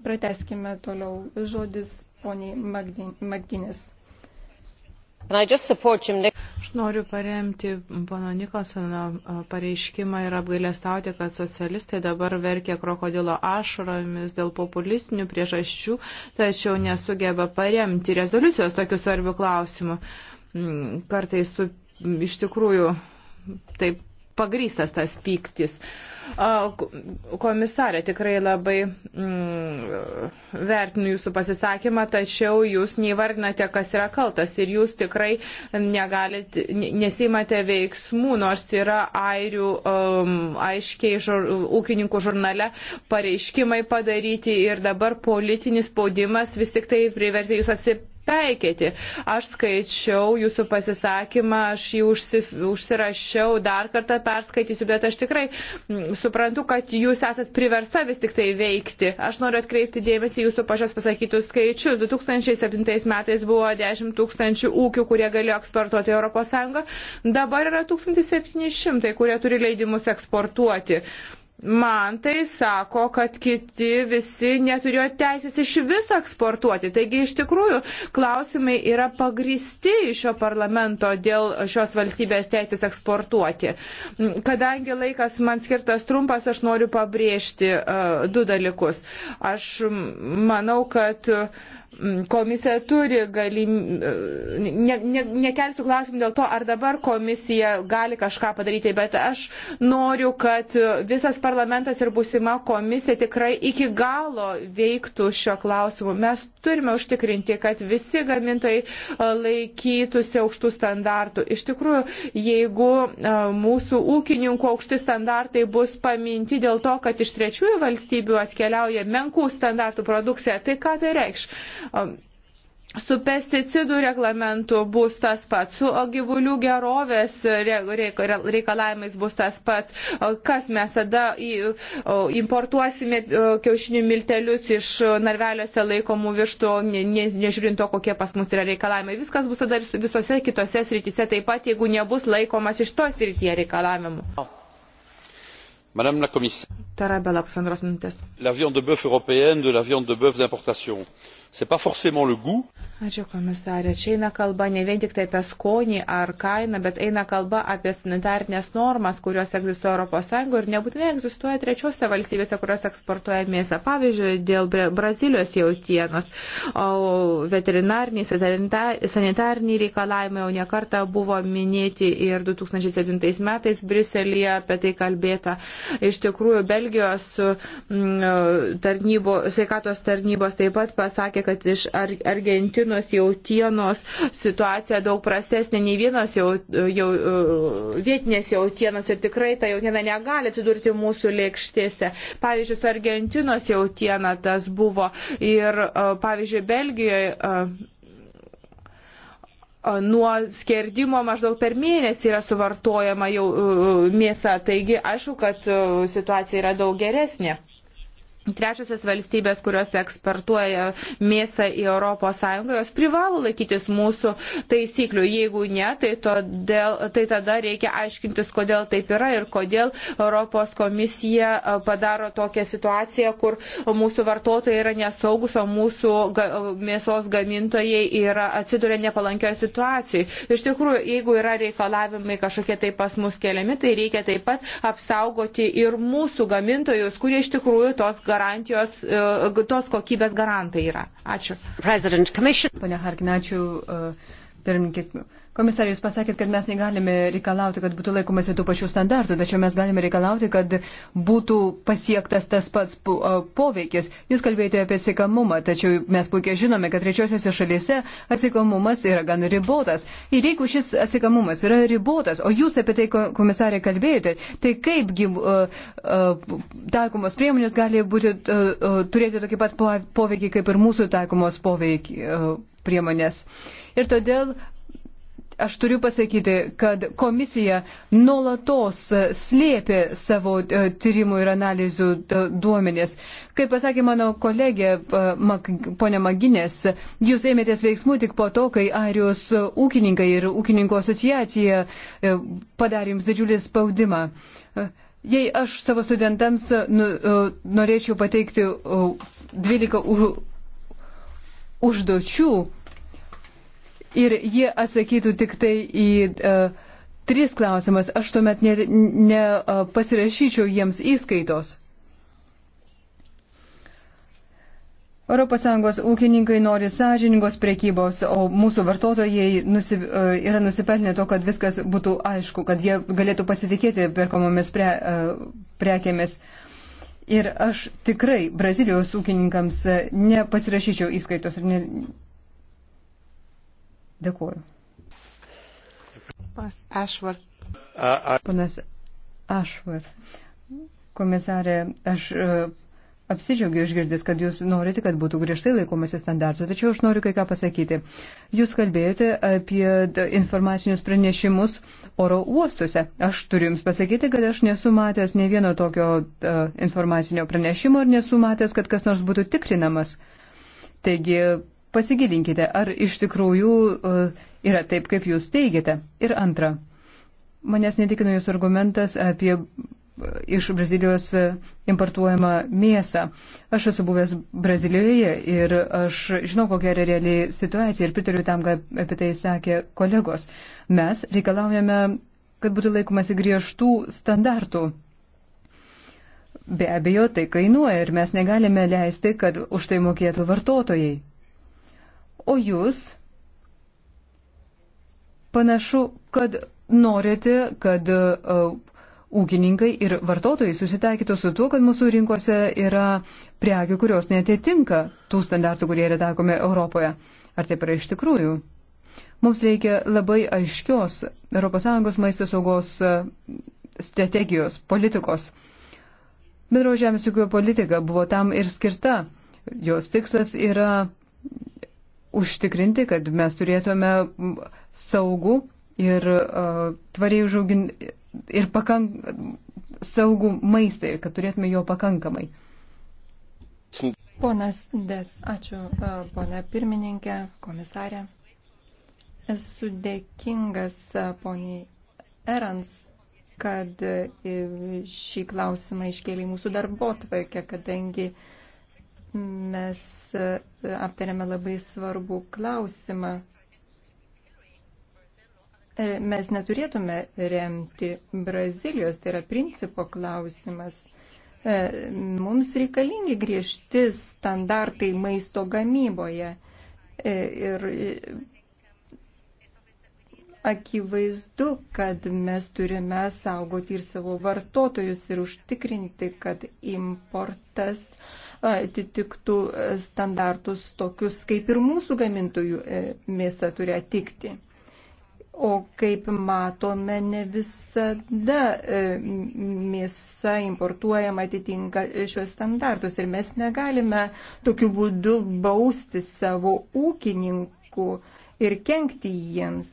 Prateskime toliau. Žodis poniai Magdinis. Aš noriu paremti pono Nikosono pareiškimą ir apgailestauti, kad socialistai dabar verkia krokodilo ašaromis dėl populistinių priežasčių, tačiau nesugeba paremti rezoliucijos tokių svarbių klausimų. Mm, kartais su, iš tikrųjų taip pagrystas tas pyktis. Komisarė, tikrai labai mm, vertinu jūsų pasisakymą, tačiau jūs neįvardinate, kas yra kaltas ir jūs tikrai negalit, nesimate veiksmų, nors yra airių um, aiškiai žur, ūkininkų žurnale pareiškimai padaryti ir dabar politinis spaudimas vis tik tai privertė jūs atsip, taikyti. Aš skaičiau jūsų pasisakymą, aš jį užsi, užsirašiau, dar kartą perskaitysiu, bet aš tikrai mm, suprantu, kad jūs esat priversa vis tik tai veikti. Aš noriu atkreipti dėmesį jūsų pačios pasakytus skaičius. 2007 metais buvo 10 tūkstančių ūkių, kurie galėjo eksportuoti ES, dabar yra 1700, kurie turi leidimus eksportuoti. Man tai sako, kad kiti visi neturėjo teisės iš viso eksportuoti. Taigi iš tikrųjų klausimai yra pagristi iš šio parlamento dėl šios valstybės teisės eksportuoti. Kadangi laikas man skirtas trumpas, aš noriu pabrėžti uh, du dalykus. Aš manau, kad uh, Komisija turi galim... Ne, ne, nekelsiu klausimų dėl to, ar dabar komisija gali kažką padaryti, bet aš noriu, kad visas parlamentas ir būsima komisija tikrai iki galo veiktų šio klausimu. Mes turime užtikrinti, kad visi gamintojai e, laikytųsi aukštų standartų. Iš tikrųjų, jeigu e, mūsų ūkininkų aukšti standartai bus paminti dėl to, kad iš trečiųjų valstybių atkeliauja menkų standartų produkcija, tai ką tai reikš? Su pesticidų reglamentu bus tas pats, su gyvulių gerovės reikalavimais bus tas pats, kas mes tada importuosime kiaušinių miltelius iš narveliuose laikomų vištų, nežiūrint to, kokie pas mus yra reikalavimai. Viskas bus tada visose kitose srityse taip pat, jeigu nebus laikomas iš tos srityje reikalavimų. Madame la commissaire, la viande de bœuf européenne, de la viande de bœuf d'importation. Ce n'est pas forcément le goût. Ačiū komisarė. Čia eina kalba ne vien tik tai apie skonį ar kainą, bet eina kalba apie sanitarnės normas, kurios egzistuoja ES ir nebūtinai egzistuoja trečiose valstybėse, kurios eksportuoja mėsą. Pavyzdžiui, dėl Brazilijos jautienos veterinariniai, sanitariniai reikalavimai jau nekarta buvo minėti ir 2007 metais Briselėje apie tai kalbėta. Iš tikrųjų, Belgijos mm, tarnybo, sveikatos tarnybos taip pat pasakė, pasakė, kad iš Argentinos jautienos situacija daug prastesnė nei vienos jau, jau, vietinės jautienos ir tikrai ta jautiena negali atsidurti mūsų lėkštėse. Pavyzdžiui, su Argentinos jautiena tas buvo ir, e, pavyzdžiui, Belgijoje e, e, nuo skerdimo maždaug per mėnesį yra suvartojama jau mėsa, taigi aišku, kad situacija yra daug geresnė. Trečiosios valstybės, kurios eksportuoja mėsą į ES, jos privalo laikytis mūsų taisyklių. Jeigu ne, tai, todėl, tai tada reikia aiškintis, kodėl taip yra ir kodėl Europos komisija padaro tokią situaciją, kur mūsų vartotojai yra nesaugus, o mūsų mėsos gamintojai yra atsiduria nepalankioje situacijoje. Iš tikrųjų, jeigu yra reikalavimai kažkokie tai pas mus keliami, tai reikia taip pat apsaugoti ir mūsų gamintojus, kurie iš tikrųjų tos gamintojus garantijos, e, tos kokybės garantai yra. Ačiū. Pone Harkin, ačiū. E, pirmininkė, Komisarė, jūs pasakėt, kad mes negalime reikalauti, kad būtų laikomasi tų pačių standartų, tačiau mes galime reikalauti, kad būtų pasiektas tas pats poveikis. Jūs kalbėjote apie atsikamumą, tačiau mes puikiai žinome, kad trečiosiuose šalyse atsikamumas yra gan ribotas. Ir jeigu šis atsikamumas yra ribotas, o jūs apie tai, komisarė, kalbėjote, tai kaipgi uh, uh, taikomos priemonės gali būti, uh, uh, turėti tokį pat poveikį kaip ir mūsų taikomos poveikį, uh, priemonės. Ir todėl aš turiu pasakyti, kad komisija nuolatos slėpė savo e, tyrimų ir analizių e, duomenės. Kaip pasakė mano kolegė e, ponė Maginės, jūs ėmėtės veiksmų tik po to, kai Airijos ūkininkai ir ūkininkų asociacija padarė jums didžiulį spaudimą. Jei aš savo studentams nu, norėčiau pateikti 12 užduočių, ir jie atsakytų tik tai į uh, tris klausimas, aš tuomet nepasirašyčiau ne, uh, jiems įskaitos. ES ūkininkai nori sąžiningos priekybos, o mūsų vartotojai nusi, uh, yra nusipelnę to, kad viskas būtų aišku, kad jie galėtų pasitikėti perkomomis pre, uh, prekėmis. Ir aš tikrai Brazilijos ūkininkams nepasirašyčiau įskaitos ir ne, Dėkuoju. Pas Ashworth. Panas Ashworth. Komisarė, aš e, apsidžiaugiu išgirdęs, kad jūs norite, kad būtų griežtai laikomasi standartų, tačiau aš noriu kai ką pasakyti. Jūs kalbėjote apie informacinius pranešimus oro uostuose. Aš turiu Jums pasakyti, kad aš nesu matęs ne vieno tokio uh, informacinio pranešimo ir nesu matęs, kad kas nors būtų tikrinamas. Taigi pasigilinkite, ar iš tikrųjų e, yra taip, kaip jūs teigiate. Ir antra, manęs netikino jūsų argumentas apie e, iš Brazilijos e, importuojamą mėsą. Aš esu buvęs Brazilijoje ir aš žinau, kokia yra reali situacija ir pritariu tam, ką apie tai sakė kolegos. Mes reikalaujame, kad būtų laikomasi griežtų standartų Be abejo, tai kainuoja ir mes negalime leisti, kad už tai mokėtų vartotojai o jūs panašu, kad norite, kad e, ūkininkai ir vartotojai susitaikytų su tuo, kad mūsų rinkose yra prekių, kurios netitinka tų standartų, kurie yra taikomi Europoje. Ar taip yra iš tikrųjų? Mums reikia labai aiškios ES maisto saugos e, strategijos, politikos. Bendro žemės ūkio politika buvo tam ir skirta. Jos tikslas yra užtikrinti, kad mes turėtume saugų ir uh, tvariai užaugin ir pakank, saugų maistą ir kad turėtume jo pakankamai. Ponas Des, ačiū, ponė pirmininkė, komisarė. Esu dėkingas poniai Erans, kad e, šį klausimą iškėlė mūsų darbo tvarkė, kadangi uh, mes e, aptarėme labai svarbų klausimą. E, mes neturėtume remti Brazilijos, tai yra principo klausimas. E, mums reikalingi griežti standartai maisto gamyboje. Ir akivaizdu, kad mes turime saugoti ir savo vartotojus ir užtikrinti, kad importas uh, atitiktų standartus tokius, kaip ir mūsų gamintojų e, mėsa turi atitikti. O kaip matome, ne visada e, mėsa importuojama atitinka šios standartus ir mes negalime tokiu būdu bausti savo ūkininkų ir kenkti jiems.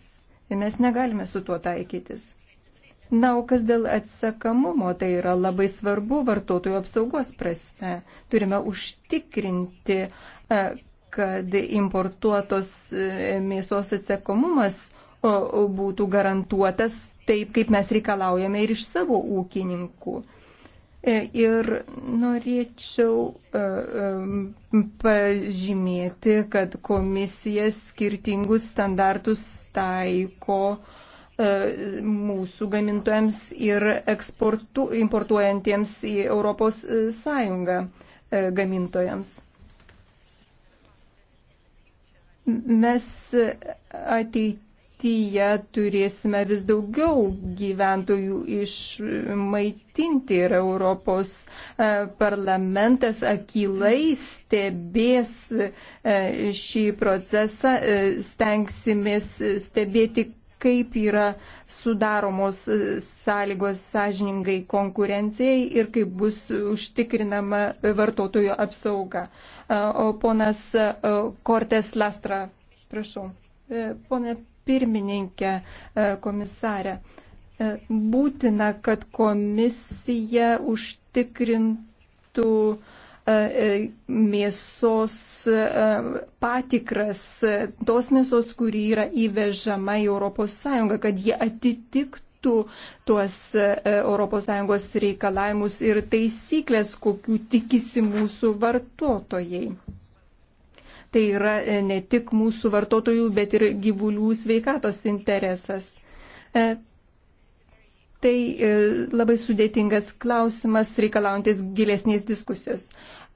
Mes negalime su tuo taikytis. Na, o kas dėl atsakamumo, tai yra labai svarbu vartotojų apsaugos prasme. Turime užtikrinti, e, kad importuotos e, mėsos atsakomumas būtų garantuotas taip, kaip mes reikalaujame ir iš savo ūkininkų. E, ir norėčiau pažymėti, kad komisija skirtingus standartus taiko uh, E, mūsų gamintojams ir eksportu, importuojantiems į Europos e, Sąjungą e, gamintojams. Mes ateityje turėsime vis daugiau gyventojų išmaitinti ir Europos parlamentas akilai stebės šį procesą, stengsimės stebėti, kaip yra sudaromos e, sąlygos sąžiningai konkurencijai ir kaip bus užtikrinama vartotojų apsauga. E, o ponas Kortes e, Lastra, prašau. Pone pirmininkė, komisarė, būtina, kad komisija užtikrintų E, e, mėsos e, patikras, tos mėsos, kuri yra įvežama į ES, kad jie atitiktų tuos ES reikalavimus ir taisyklės, kokių tikisi mūsų vartotojai. Tai yra ne tik mūsų vartotojų, bet ir gyvulių sveikatos interesas. Tai e, labai sudėtingas klausimas, reikalaujantis gilesnės diskusijos.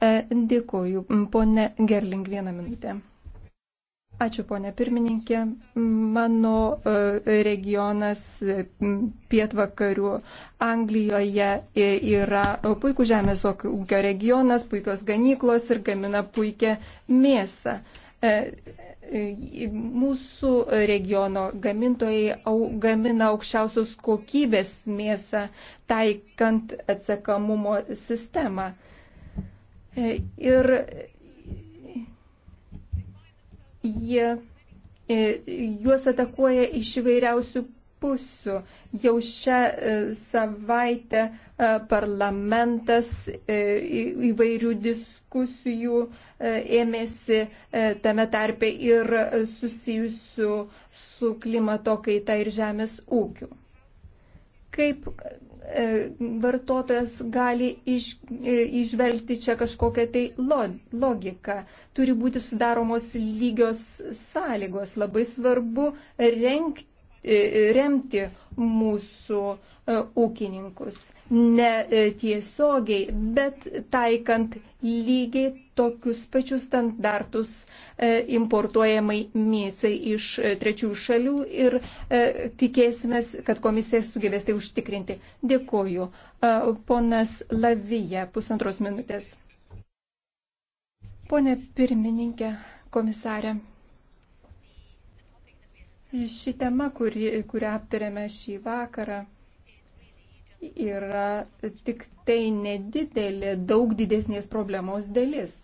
E, Dėkuoju. Pone Gerling, vieną minutę. Ačiū, ponė pirmininkė. Mano e, regionas pietvakarių Anglijoje yra puikų žemės ūkio regionas, puikios ganyklos ir gamina puikią mėsą. E, e, mūsų regiono gamintojai gamina aukščiausios kokybės mėsą, taikant atsakamumo sistemą. E, ir jie, juos atakuoja iš įvairiausių pusių. Jau šią e, savaitę e, parlamentas e, įvairių diskusijų ėmėsi tame tarpe ir susijusių su klimato kaita ir žemės ūkiu. Kaip vartotojas gali iš, išvelgti čia kažkokią tai logiką. Turi būti sudaromos lygios sąlygos. Labai svarbu renkti E, remti mūsų e, ūkininkus. Ne e, tiesiogiai, bet taikant lygiai tokius pačius standartus importuojamai mėsai iš trečiųjų šalių ir tikėsime, kad komisija sugebės tai užtikrinti. Dėkuoju. Ponas Lavija, pusantros minutės. Pone pirmininkė, komisarė. Ši tema, kuri, kurią aptarėme šį vakarą, yra tik tai nedidelė, daug didesnės problemos dalis.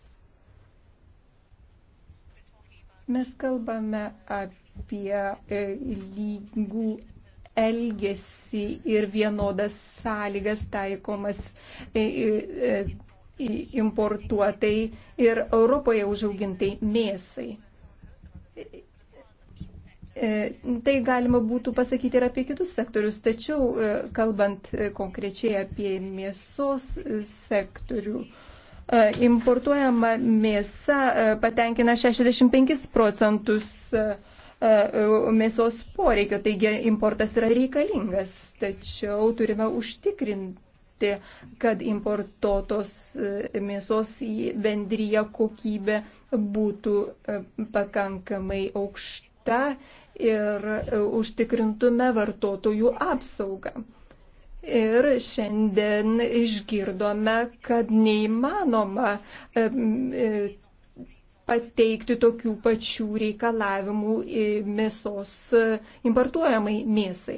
Mes kalbame apie e, lygų elgesį ir vienodas sąlygas taikomas e, e, importuotai ir Europoje užaugintai mėsai. E, tai galima būtų pasakyti ir apie kitus sektorius, tačiau e, kalbant e, konkrečiai apie mėsos sektorių, importuojama mėsa patenkina 65 procentus mėsos poreikio, taigi importas yra reikalingas, tačiau turime užtikrinti, kad importuotos mėsos į bendryje kokybė būtų pakankamai aukšta ir e, užtikrintume vartotojų apsaugą. Ir šiandien išgirdome, kad neįmanoma e, e, pateikti tokių pačių reikalavimų mėsos importuojamai mėsai.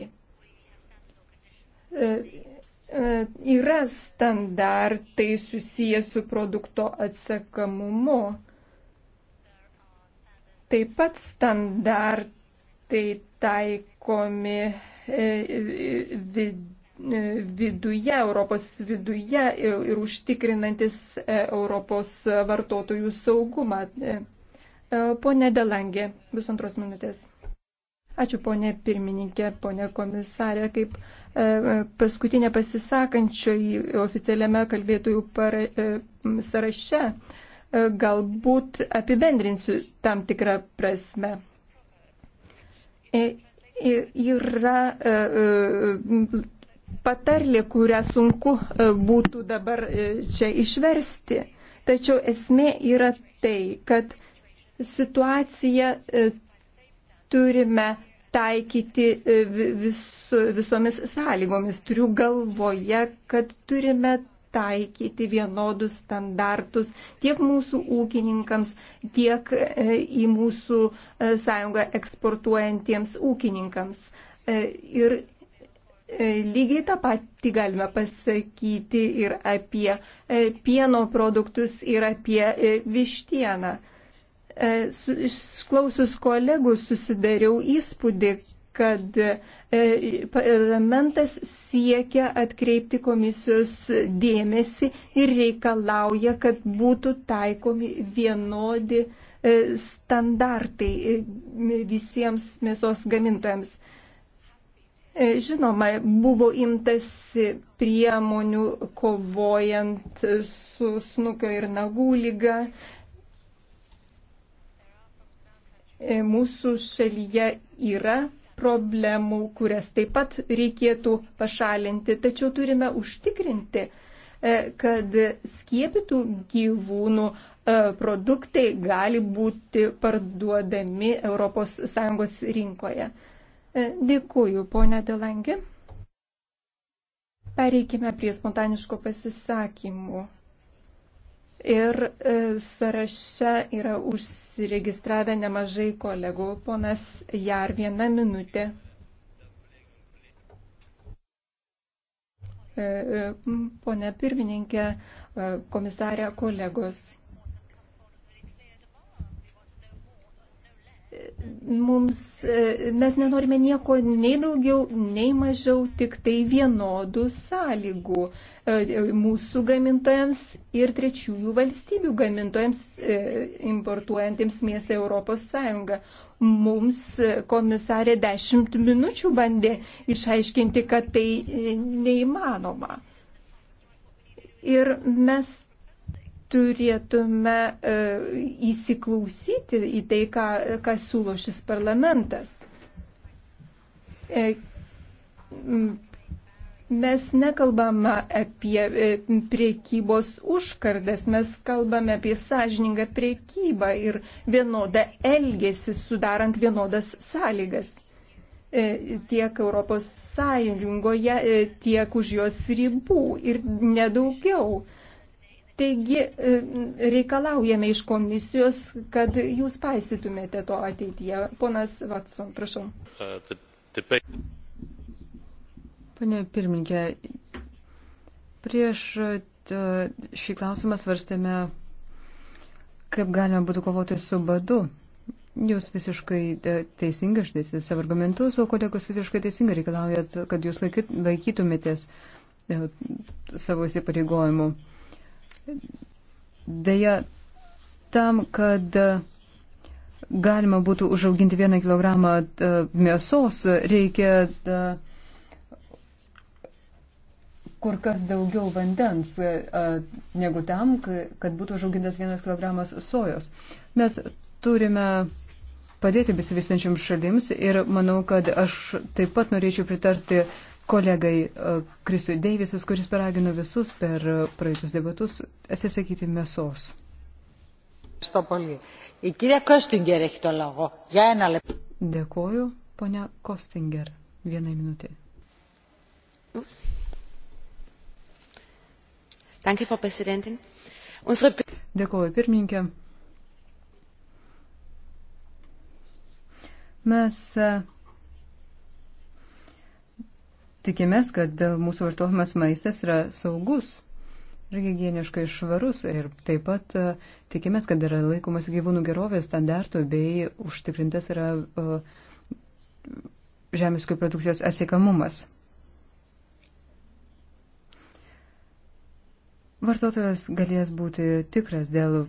Yra standartai susiję su produkto atsakamumu. Taip pat standartai tai taikomi e, e, viduje, Europos viduje ir užtikrinantis e, Europos vartotojų saugumą. Pone Delangė, pusantros minutės. Ačiū ponė pirmininkė, ponė komisarė, kaip paskutinė pasisakančioji oficialiame kalbėtojų para, sąraše. Galbūt apibendrinsiu tam tikrą prasme. E, yra e, e, patarlė, kurią sunku būtų dabar čia išversti. Tačiau esmė yra tai, kad situaciją turime taikyti vis, visomis sąlygomis. Turiu galvoje, kad turime taikyti vienodus standartus tiek mūsų ūkininkams, tiek e, į mūsų e, sąjungą eksportuojantiems ūkininkams. E, ir lygiai tą patį galime pasakyti ir apie pieno produktus, ir apie vištieną. Išklausus kolegų susidariau įspūdį, kad E, parlamentas siekia atkreipti komisijos dėmesį ir reikalauja, kad būtų taikomi vienodi e, standartai e, visiems mėsos gamintojams. Žinoma, buvo imtasi priemonių kovojant su snukio ir nagų lyga, mūsų šalyje yra problemų, kurias taip pat reikėtų pašalinti, tačiau turime užtikrinti, e, kad skiepytų gyvūnų e, produktai gali būti parduodami ES rinkoje. E, dėkuoju, ponia Delangi. Pereikime prie spontaniško pasisakymų. Ir e, sąraše yra užsiregistravę nemažai kolegų. Ponas Jar, viena minutė. E, e, Pone pirmininkė, komisarė, kolegos. mums, e, mes nenorime nieko nei daugiau, nei mažiau, tik tai vienodų sąlygų e, e, mūsų gamintojams ir trečiųjų valstybių gamintojams importuojantiems mėsą Europos Sąjungą. Mums komisarė dešimt minučių bandė išaiškinti, kad tai neįmanoma. Ir mes turėtume e, įsiklausyti į tai, ką, ką siūlo šis parlamentas. E, mes nekalbame apie e, priekybos užkardas, mes kalbame apie sąžiningą priekybą ir vienodą elgesį, sudarant vienodas sąlygas tiek Europos Sąjungoje, tiek už jos ribų ir nedaugiau. Taigi e, reikalaujame iš komisijos, kad jūs paisytumėte to ateityje. Ponas Vatson, prašau. E, tai, tai Pane pirmininkė, prieš e, šį klausimą svarstėme, kaip galima būtų kovoti su badu. Jūs visiškai teisingai išdėsite savo argumentus, o kolegos visiškai teisingai reikalaujat, kad jūs laikytumėtės savo įsipareigojimų. Deja, tam, kad galima būtų užauginti vieną kilogramą e, mėsos, reikia e, kur kas daugiau vandens e, negu tam, kad būtų užaugintas vienas kilogramas sojos. Mes turime padėti besivystančiam šalims ir manau, kad aš taip pat norėčiau pritarti uh, kolegai Krisui e, Deivisas, kuris paragino visus per e, praeitus debatus atsisakyti mėsos. E, Dėkoju, ponia Kostinger. Vienai minutė. Dėkoju, pirmininkė. Mes tikimės, kad mūsų vartojamas maistas yra saugus ir hygieniškai švarus ir taip pat e, tikimės, kad yra laikomas gyvūnų gerovės standartų bei užtikrintas yra e, žemiškai produkcijos asiekamumas. Vartotojas galės būti tikras dėl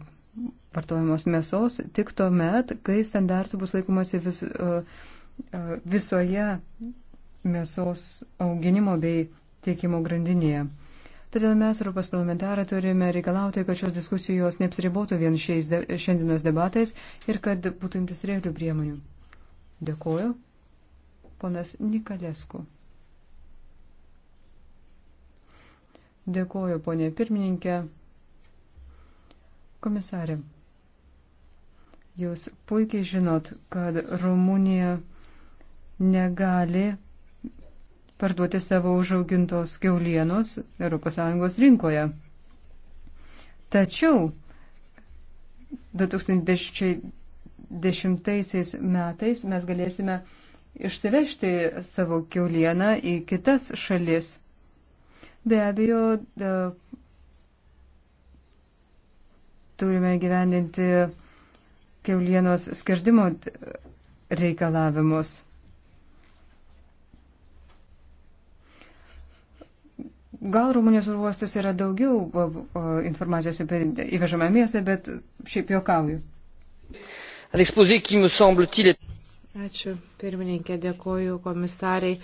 vartojamos mėsos tik tuo met, kai standartų bus laikomasi vis, e, visoje mėsos auginimo bei tiekimo grandinėje. Todėl mes, Europos parlamentarai, turime reikalauti, kad šios diskusijos neapsiribotų vien šiais de, šiandienos debatais ir kad būtų imtis realių priemonių. Dėkuoju. Ponas Nikalesku. Dėkuoju, ponė pirmininkė. Komisarė, jūs puikiai žinot, kad Rumunija negali parduoti savo užaugintos keulienos ES rinkoje. Tačiau 2010 metais mes galėsime išsivežti savo keulieną į kitas šalis. Be abejo, da, turime gyvendinti keulienos skerdimo reikalavimus. Gal Rumunijos uostus yra daugiau informacijos apie įvežamą mėsą, bet šiaip juokauju. Ačiū, pirmininkė, dėkoju komisariai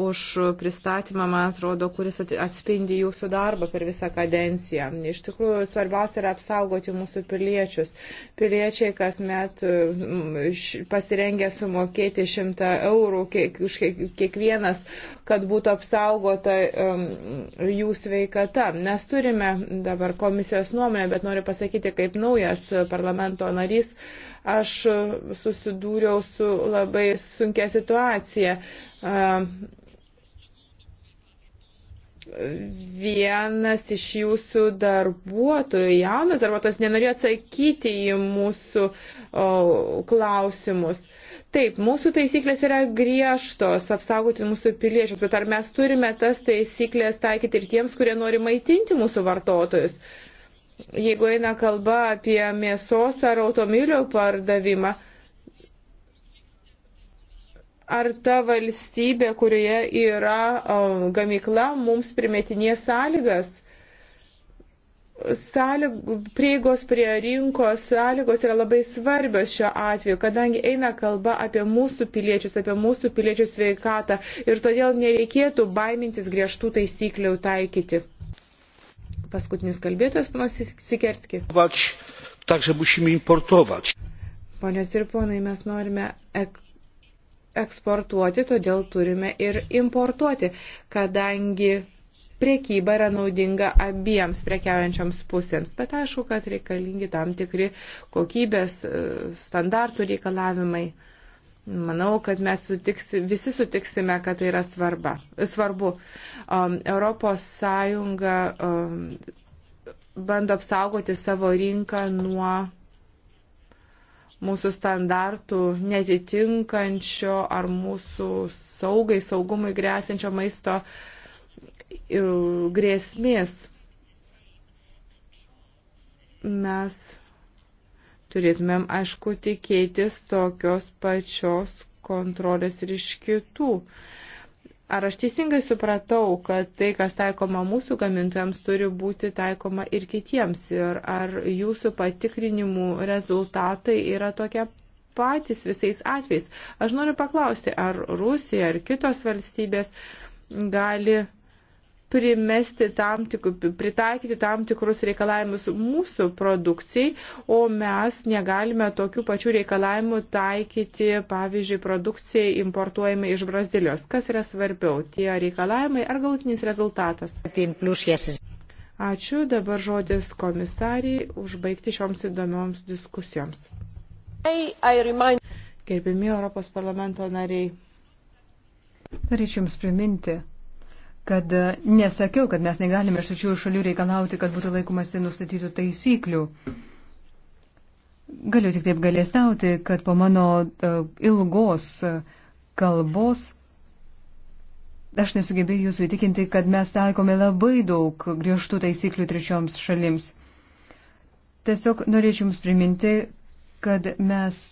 už pristatymą, man atrodo, kuris atspindi jūsų darbą per visą kadenciją. Iš tikrųjų, svarbiausia yra apsaugoti mūsų piliečius. Piliečiai kasmet pasirengia sumokėti šimtą eurų kiek, už kiek, kiekvienas, kad būtų apsaugota um, jų sveikata. Mes turime dabar komisijos nuomonę, bet noriu pasakyti, kaip naujas parlamento narys. Uh, aš susidūriau su labai sunkia situacija. Vienas iš jūsų darbuotojų, jaunas darbuotojas, nenorėjo atsakyti į mūsų o, klausimus. Taip, mūsų taisyklės yra griežtos apsaugoti mūsų piliečius, bet ar mes turime tas taisyklės taikyti ir tiems, kurie nori maitinti mūsų vartotojus? Uh, jeigu eina kalba apie mėsos ar automobilio pardavimą, ar ta valstybė, kurioje yra um, gamykla, mums primetinė sąlygas? Sąlyg, prieigos prie rinkos sąlygos yra labai svarbios šiuo atveju, kadangi eina kalba apie mūsų piliečius, apie mūsų piliečių sveikatą ir todėl nereikėtų baimintis griežtų taisyklių taikyti. Paskutinis kalbėtojas, panas Sikerski. Także musimy importować. Ponios ir ponai, mes norime ek eksportuoti, todėl turime ir importuoti, kadangi priekyba yra naudinga abiems prekiaujančioms pusėms. Bet aišku, kad reikalingi tam tikri kokybės e, standartų reikalavimai. Manau, kad mes sutiks, visi sutiksime, kad tai yra svarba, svarbu. Um, Europos Sąjunga um, bando apsaugoti savo rinką nuo mūsų standartų netitinkančio ar mūsų saugai, saugumui grėsinčio maisto grėsmės. Mes Turėtumėm, aišku, tikėtis tokios pačios kontrolės ir iš kitų. Ar aš teisingai supratau, kad tai, kas taikoma mūsų gamintojams, turi būti taikoma ir kitiems? Ir ar jūsų patikrinimų rezultatai yra tokie patys visais atvejais? Aš noriu paklausti, ar Rusija ar kitos valstybės gali primesti tam tik, pritaikyti tam tikrus reikalavimus mūsų produkcijai, o mes negalime tokių pačių reikalavimų taikyti, pavyzdžiui, produkcijai importuojami iš Brazilijos. Kas yra svarbiau, tie reikalavimai ar galutinis rezultatas? Ačiū, dabar žodis komisariai užbaigti šioms įdomioms diskusijoms. Gerbiami Europos parlamento nariai. Norėčiau Jums priminti, kad e, nesakiau, kad mes negalime iš šių šalių reikalauti, kad būtų laikomasi nustatytų taisyklių. Galiu tik taip galėstauti, kad po mano e, ilgos e, kalbos aš nesugebėjau jūsų įtikinti, kad mes taikome labai daug griežtų taisyklių trečioms šalims. Tiesiog norėčiau Jums priminti, kad mes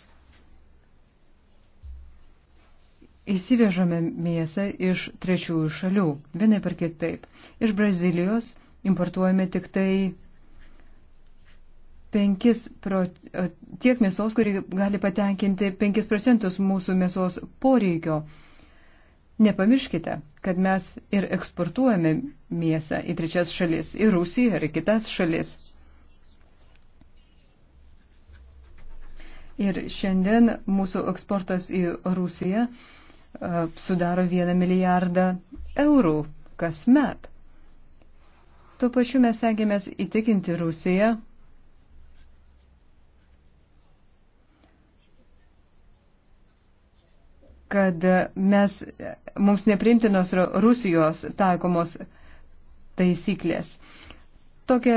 įsivežame mėsą iš trečiųjų šalių, vienai par kitaip. Iš Brazilijos importuojame tik tai 5 pro, tiek mėsos, kuri gali patenkinti 5 procentus mūsų mėsos poreikio. Nepamirškite, kad mes ir eksportuojame mėsą į trečias šalis, į Rusiją ir į kitas šalis. Ir šiandien mūsų eksportas į Rusiją E, sudaro 1 milijardą eurų kasmet. Tuo pačiu mes tengiamės įtikinti Rusiją, kad mes, mums neprimtinos Rusijos taikomos taisyklės. Tokia,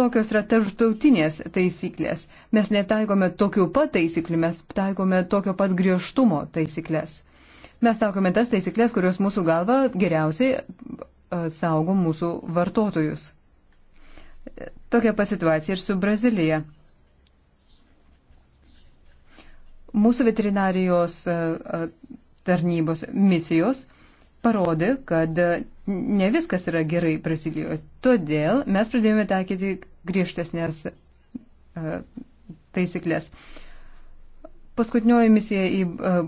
tokios yra tarptautinės taisyklės. Mes netaikome tokių pat taisyklių, mes taikome tokio pat griežtumo taisyklės. Mes taikome tas taisyklės, kurios mūsų galva geriausiai e, saugo mūsų vartotojus. Tokia pasituacija ir su Brazilija. Mūsų veterinarijos e, e, tarnybos misijos parodė, kad ne viskas yra gerai Brazilijoje. Todėl mes pradėjome taikyti griežtesnės taisyklės. Paskutinioji misija į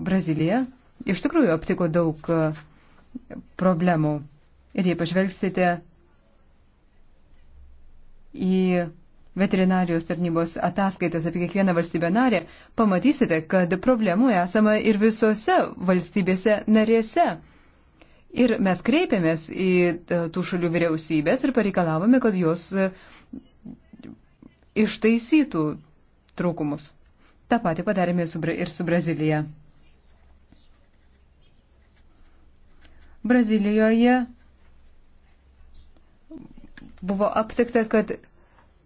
Braziliją iš tikrųjų aptiko daug e, problemų. Ir jei pažvelgsite į veterinarijos tarnybos ataskaitas apie kiekvieną valstybę narę, pamatysite, kad problemų esama ir visose valstybėse narėse. Ir mes kreipėmės į e, tų šalių vyriausybės ir pareikalavome, kad jos e, ištaisytų trūkumus. Ta pati padarėme ir su Brazilija. Brazilijoje buvo aptikta, kad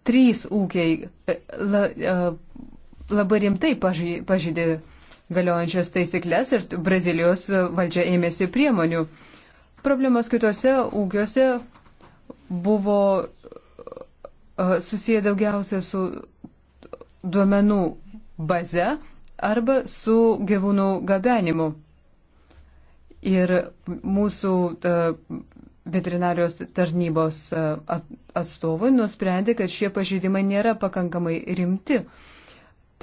trys ūkiai e, e, labai rimtai pažydė galiojančias taisyklės ir Brazilijos valdžia ėmėsi priemonių. Problemas kitose ūkiuose buvo e, susiję daugiausia su duomenų baze arba su gyvūnų gabenimu ir mūsų veterinarijos tarnybos atstovai nusprendė, kad šie pažydimai nėra pakankamai rimti.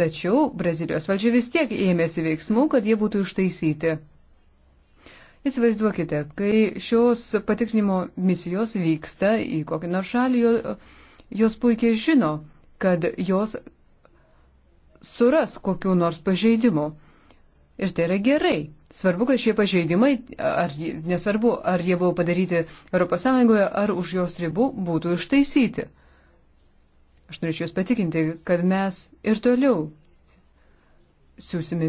Tačiau Brazilijos valdžia vis tiek ėmėsi veiksmų, kad jie būtų ištaisyti. Įsivaizduokite, kai šios patikrinimo misijos vyksta į kokį nors šalį, jos puikiai žino, kad jos suras kokiu nors pažeidimu. Ir tai yra gerai. Svarbu, kad šie pažeidimai, ar, nesvarbu, ar jie buvo padaryti ES ar už jos ribų, būtų ištaisyti. Aš norėčiau Jūs patikinti, kad mes ir toliau siūsime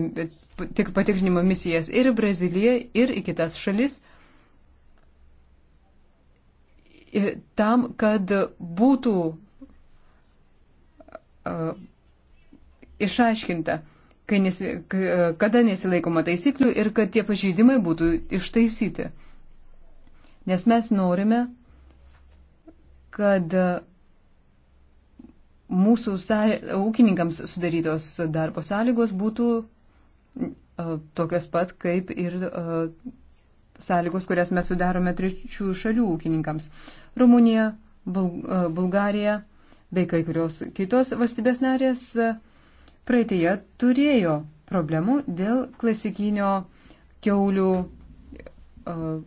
tik patikrinimo misijas ir į Braziliją, ir į kitas šalis tam, kad būtų uh, išaiškinta, nes, e, kada nesilaikoma taisyklių ir kad tie pažeidimai būtų ištaisyti. Nes mes norime, kad e, mūsų ūkininkams sudarytos darbo sąlygos būtų e, tokios pat kaip ir sąlygos, kurias mes sudarome trečių šalių ūkininkams. Rumunija, Bulgarija bei kai kurios kitos valstybės narės praeitėje turėjo problemų dėl klasikinio keulių uh,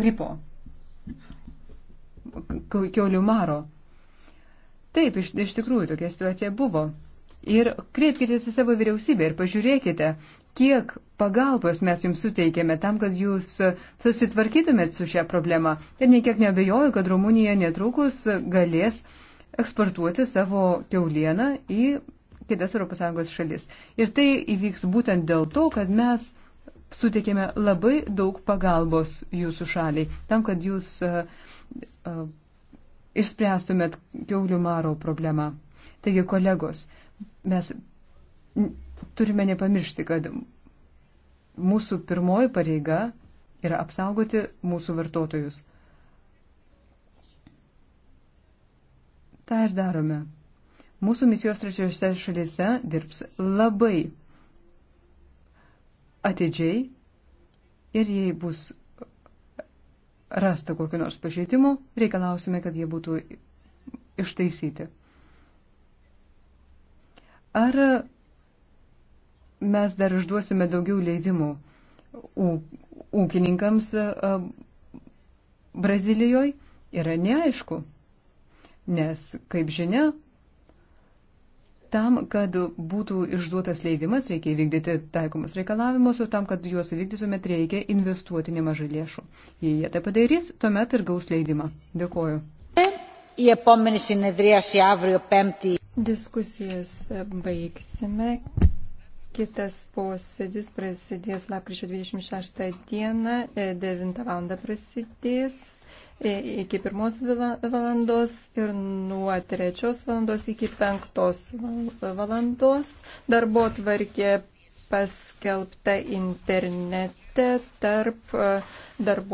gripo, keulių maro. Taip, iš, iš tikrųjų tokia situacija buvo. Ir kreipkite į savo vyriausybę ir pažiūrėkite, kiek pagalbos mes jums suteikėme tam, kad jūs susitvarkytumėt su šią problemą. Ir niekiek nebejoju, kad Rumunija netrukus galės uh, eksportuoti savo keulieną į kitas ES šalis. Ir tai įvyks būtent dėl to, kad mes suteikėme labai daug pagalbos jūsų šaliai, tam, kad jūs uh, uh, išspręstumėt keulių maro problemą. Taigi, kolegos, mes turime nepamiršti, kad mūsų pirmoji pareiga yra apsaugoti mūsų vartotojus. tą ir darome. Mūsų misijos trečiose šalyse dirbs labai atidžiai ir jei bus rasta kokiu nors pažeidimu, reikalausime, kad jie būtų ištaisyti. Ar mes dar išduosime daugiau leidimų ūkininkams Brazilijoje, yra neaišku nes, kaip žinia, tam, kad būtų išduotas leidimas, reikia įvykdyti taikomus reikalavimus, o tam, kad juos įvykdytumėt, reikia investuoti nemažai lėšų. Jei jie tai padarys, tuomet ir gaus leidimą. Dėkoju. Diskusijas baigsime. Kitas posėdis prasidės lapkričio 26 dieną, 9 e, val. prasidės iki pirmos valandos ir nuo trečios valandos iki penktos valandos. Darbo tvarkė paskelbta internete tarp e, darbo.